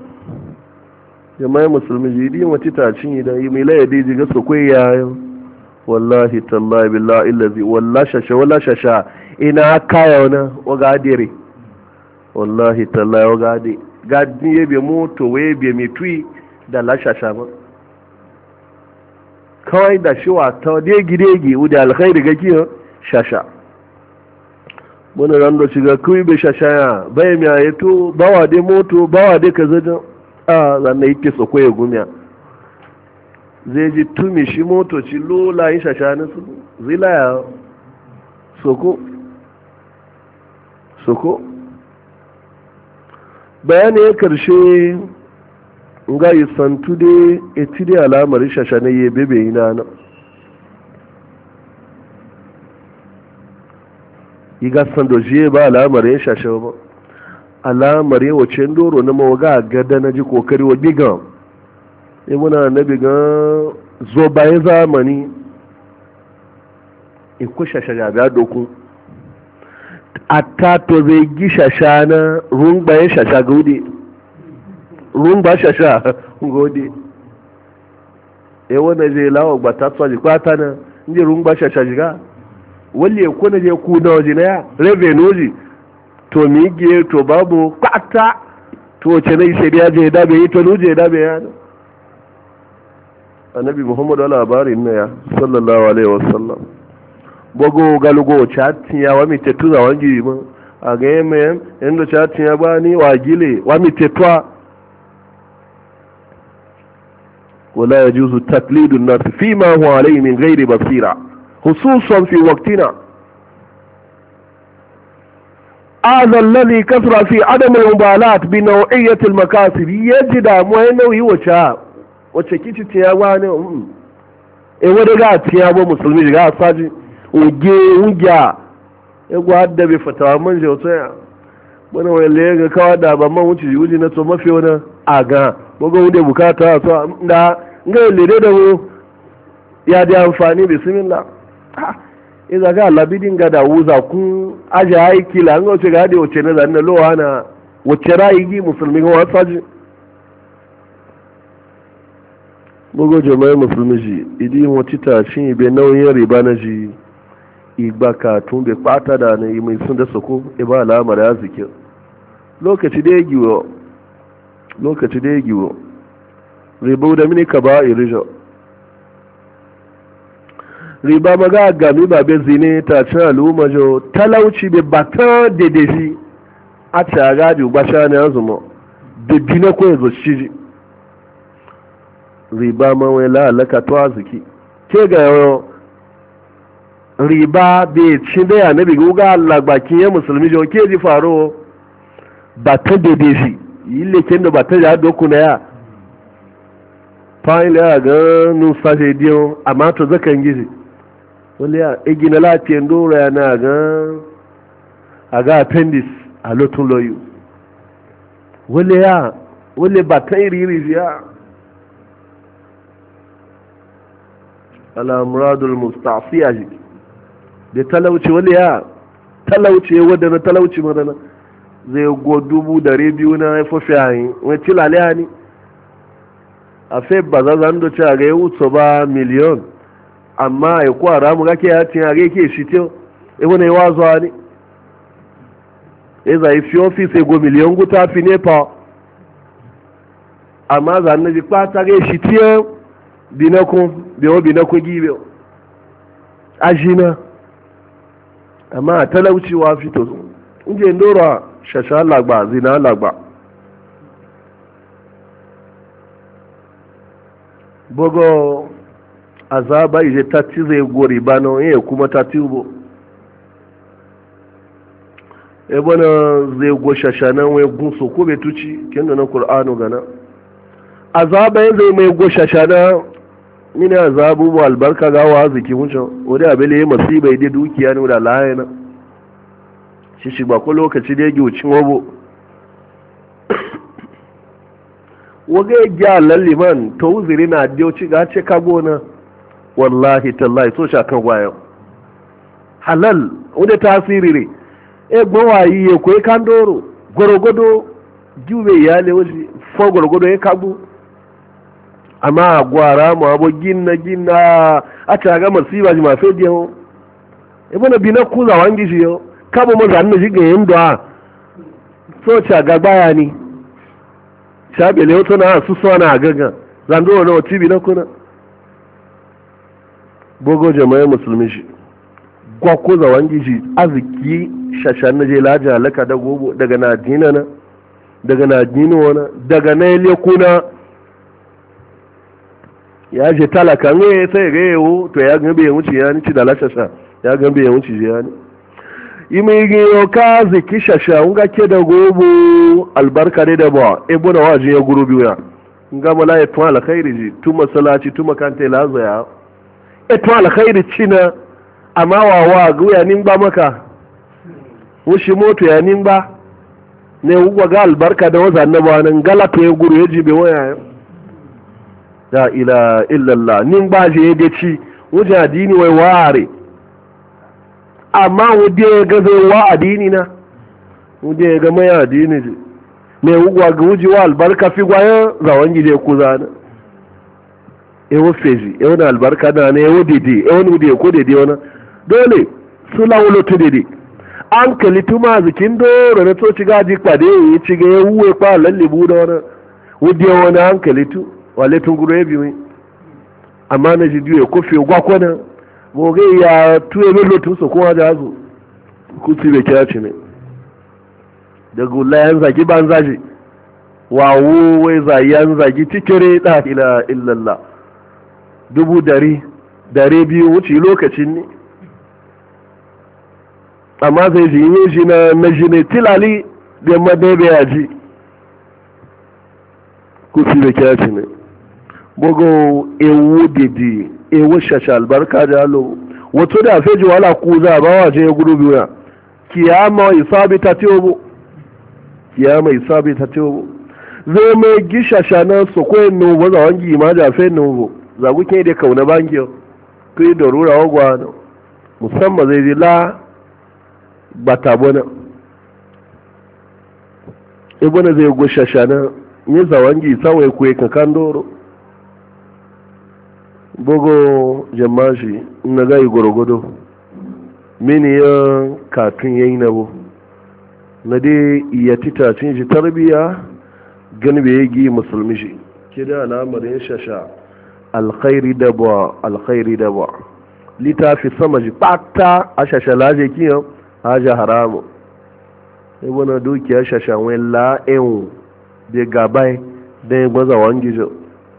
jama'i musulmi jiri mace ta cinye da yi mai layadi ji ga sokwai yi wallahi tallahi billahi illazi walla shasha walla shasha ina kaya wani waga adire wallahi tallahi gadi gadi ya bi moto ya be mitui da lashasha ba kawai da shi wa ta degi degi wuda alkhairi ga kiyo shasha muna ran da shiga kawai bai shasha ya bai mi ba bawa dai moto bawa dai ka da a zanna yake so ya gumiya zai ji tumi shi moto ci lola yin shasha na su zila ya soko soko bayani ya karshe ga yi santu da eti da alamar shashane ya bebe yana nan yi gasan dojiye ba alamar ya shashe ba alamar ya wace doro na mawaga a gada na ji kokari wa bigan ya e muna na bigan zo bayan zamani ya e ku shashe ga biya dokun atta to zai gi shasha na shasha gaude rumba shasha gaude e wannan zai lawa gbata tsaji kwata na ndi rumba shasha jiga wali ya kuna je ku na waje na ya revenue to mi ge to babu kwata to ce na ise biya je da bai to luje da bai ya annabi muhammadu labarin na ya sallallahu alaihi wasallam bogo galugo chatin ya wa mitetu za wangi mu ageme endo chatin ya bani gile wa mitetwa wala yajuzu taklidu nas fima huwa alayhi min ghairi basira khususan fi waqtina هذا الذي كثر في عدم المبالاة بنوعية المكاسب يجد مهنو يوشا وشكيش تياباني ايه ودقات تيابو مسلمي جغا ساجي oge wugya egwu addabe fatawa man je wato ya wani wani laye ga kawa da ba man wuce wuce na to mafi wani aga buga wude bukata a to da nga lere da mu ya da amfani bismillah iza e ga labidin ga da wuza kun aje aiki la nga wace ga da wace na zanna lowa na wace rayi gi musulmi ga wasa ji buga jama'i musulmi ji idi ta shi be nauyin riba na ji igba katun bai kwata da na mai sun da suku iba e alamar ya zikin lokaci da ya giwo lokaci da ya giwo riba da mini ka ba irijo riba maga gami ba bai zine ta ci al'umma jo talauci bai bata da daji a ci a gadi gbasha ne yanzu ma da bina ko yanzu shi riba mawai lalaka to arziki ke ga yawon riba bai ci da ya nabi guga Allah ya musulmi jo ke ji faro ba ta dede shi yi leken da ba ta da doku na ya fa'in ya ga nun sai diyo amma to zakan gizi wani ya igina e lafiyan dora ya na ga a ga appendix a lotun loyu wani ya wani ba ta iri iri ya al'amuradul mustafiya shi da talauci wani ya talauci ya wadda na talauci mana na zai go dubu dari biyu na ya fafi hanyi wani tilale ne ni a fe ba za za ndo ce a ga ya wuce ba miliyon amma ya kuwa ramu ga ke ya cin a ga ke shi te ya wani ya wazo ne ya zai fi ofis ya go miliyon guta fi nepa amma za na ji kpata ga shi te binakun biyo binakun gibe ajina amma talaucewa fito inje ndora shasha lagba zina lagba bogo azaba ije tatize gori bano ye kuma tatibo e na zai go shasha na wai gunso ko bai tuci kin na qur'anu gana azaba yin zai mai go shasha na. mini a zabu bu albarka ga wa ziki wuce wani abin da ya masiba ya dukiya ne da laye na shi shi ba ko lokaci da ya gyucin wabo waga ya gya lalliman to uziri na adiyoci ga ce kago na wallahi tallahi so sha kan wayo halal wani tasiri ne e gbawayi ya koyi kandoro gwargwado giwe ya ne fa gwargwado ya kago amma gwara mu abo ginna ginna a caga masiba ji mafe diyo ibana bina na kuza wangi shi yo kabo mu zanna shi ga yin da so caga baya ni shabe le wato na su so na gaga zando na oti bina na kuna bogo musulmi shi gwa kuza wangi shi aziki shashan na je laji laka da gobo daga na daga na dina wana daga na ilekuna ya je talaka ne sai ga yawo to ya gambe ya wuce ya ni ci da lashasha ya gambe ya wuce ya ni imigi yo ka ziki shasha nga ke da gobu albarka ne da ba e bona waje ya guru biya nga mala ya tuma alkhairi ji tuma salati tuma kante lazaya e tuma alkhairi na amma wa wa guya nin ba maka wushi moto ya ni ba ne ugwa ga albarka da wazan na ba nan galato ya guru ya ji bai waya la ila illallah nin ba je ya ci wuce addini wai ware amma wude ya ga zai wa addini na wude ya ga mai addini je mai wugwa ga wuji wa albarka fi gwayan zawon gide ku zana ewo feji ewo na albarka na ne ewo dede ewo wude e ko dede wani dole su lawulo to dede an kali tuma zikin doro na to ci gaji kpade yi e ci ga ya e wuwe kwa lallibu da wani wude wani an kali tu wale tunguru ya biyu amma na ji biyu ya kofi ya kwana mo ge ya tuye lo tun so kowa da ku kusi bai kira ce Da daga wula yan zagi ban zaji wo wai za yan zagi tikire da ila illallah dubu dari dare biyu wuce lokacin ne amma zai ji yin ji na na ji ne tilali da madabe ya ji kusi bai kira ce ne. gogo ewu didi ewu shasha albarka jalo wato da feji wala za ba wa je guru biya kiyama isabita obo kiyama isabita tiobu zai mai gisha so ko no nubu za wangi ma no nubu za ku ke da kauna bangi ku yi darura wa no musamman zai zila bata bona ibuna zai gusha shanar yi za wangi sawai ku kankan doro bugo jamashi na gai gwargwado mini ya katun yayi na bu na dai iya titacin shi tarbiya ganibe ya gi musulmi shi kida al'amarin shasha alkhairi da ba alkhairi da ba littafi sama ji pata a shasha laje kiyan haja haramu ibana dukiya shasha wani la'in da gabai don ya gbaza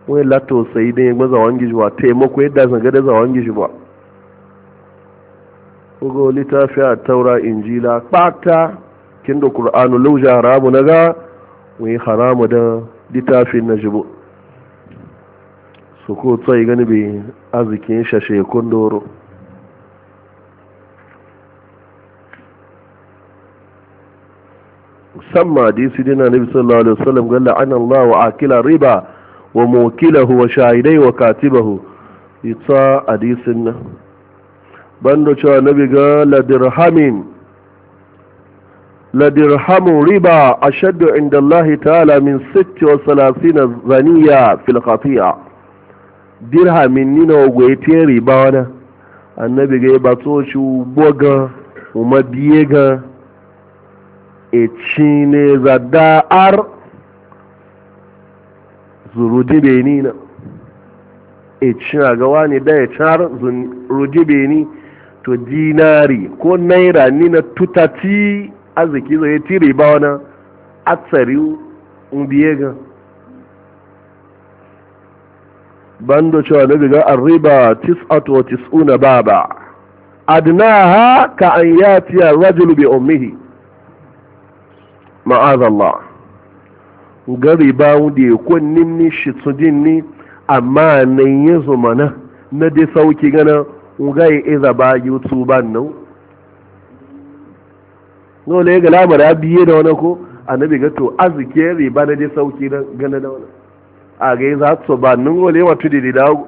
wai lato sai dai maza gbaza wangi ba taimako yadda zanga da za wangi shi ba ugo littafi a taura injila kpata kin da qur'anu lauja haramu na ga wai haramu da littafin na jibo su ko tsayi gani bai arzikin shashe kun doro musamman hadisi dina na sallallahu alaihi wasallam ga la'ana Allah wa akila riba wa mokilahu wa shahidai wa katibahu ita hadisin nan banda cewa na biga ladirhamin ladirhamu riba a shaddu inda Allah ta'ala min 36 na zaniya filkatiya dirhamin nina gwaitin riba wana annabi ga ba to shi ga, kuma biye ga e cine za da'ar zuruji beni na e cina gawa ne da ya car zuruji beni to dinari ko naira ni na tutati arziki zai tiri ba wani atsari biye ga bando cewa na biga riba tis'atu wa tis'una baba ha ka an yatiya rajulu bi ummihi ma'azallah gari ba da ya kunnin ni shi tsudin ni amma nan ya zuma na na dai sauki gana ga ya iza ba youtube nan nola ya ga lamara biye da wani ko annabi ga to azike riba na dai sauki na gana da wani a ga yi za su ba nan wale ya watu da da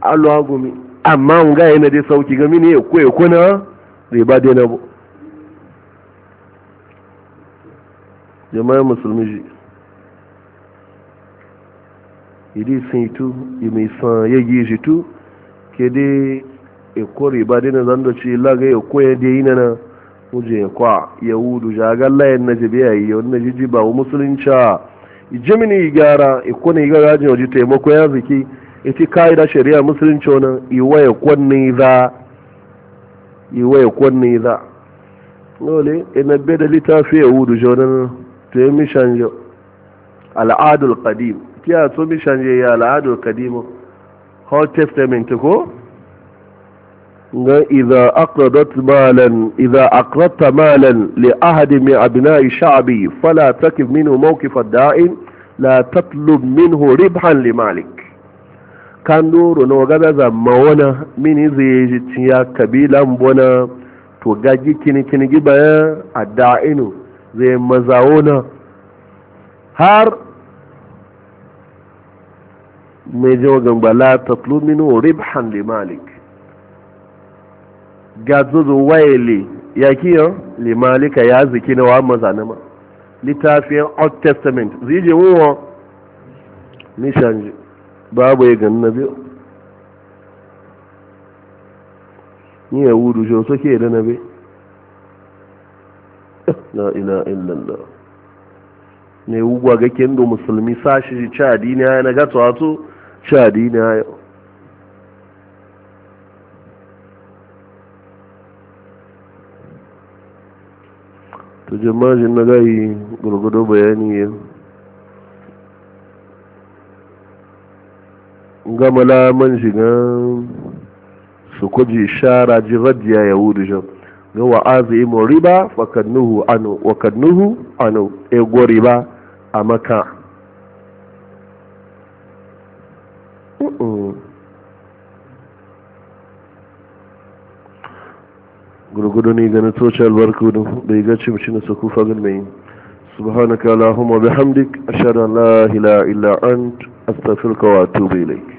alwa gumi amma ga ya na dai sauki gami ne ya kuwa kuna riba dai na bu jama'a musulmi idi sin itu imi san yegi jitu kede ekori ba dina zando ci laga ya e koya da yi nana ya e kwa ya yahudu ga layan na jibi ya yi wani jiji ba musulunci jimini gyara ikone e ga gajin waje taimako ya ziki iti da shari'a musulunci wani iwa ya kwanne za iwa ya kwanne za dole ina bai da littafi ya yahudu jonan to ya mishan al'adul qadim kiya to bi shanje ya al'adu kadimo hall testament ko ga idza aqradat malan idza aqradta malan li ahad min abna'i sha'bi fala takif minhu mawqif ad-da'in la tatlub minhu ribhan li malik kan doro no ga za mawana min zai tiya kabilan bona to gaji kini kini gibaya ad-da'inu zai mazawona har mai jawa gamba la tatlu minu ribhan li malik ga waye wayele ya kiyo li malika ya ziki na wa maza na ma littafin old testament zai je wuwa nishanji babu ya gani na biyu ni ya wudu shi wasu ke da na biyu la ila illallah ne wugwa ga kendo musulmi sashi cha adini ya na gato wato sha dini yau to jamajin na gari gurgudu bayani ya gama laman shigan su kuji shara ji rajiya ya wuri jan ga wa'azi imo riba wa wakannuhu anu e gwari ba a maka gurgudu ne gani toci albarkudu da iga cimci na saku fagin mai subhanaka allahumma bihamdik ashhadu an la ilaha illa ant astaghfiruka wa atubu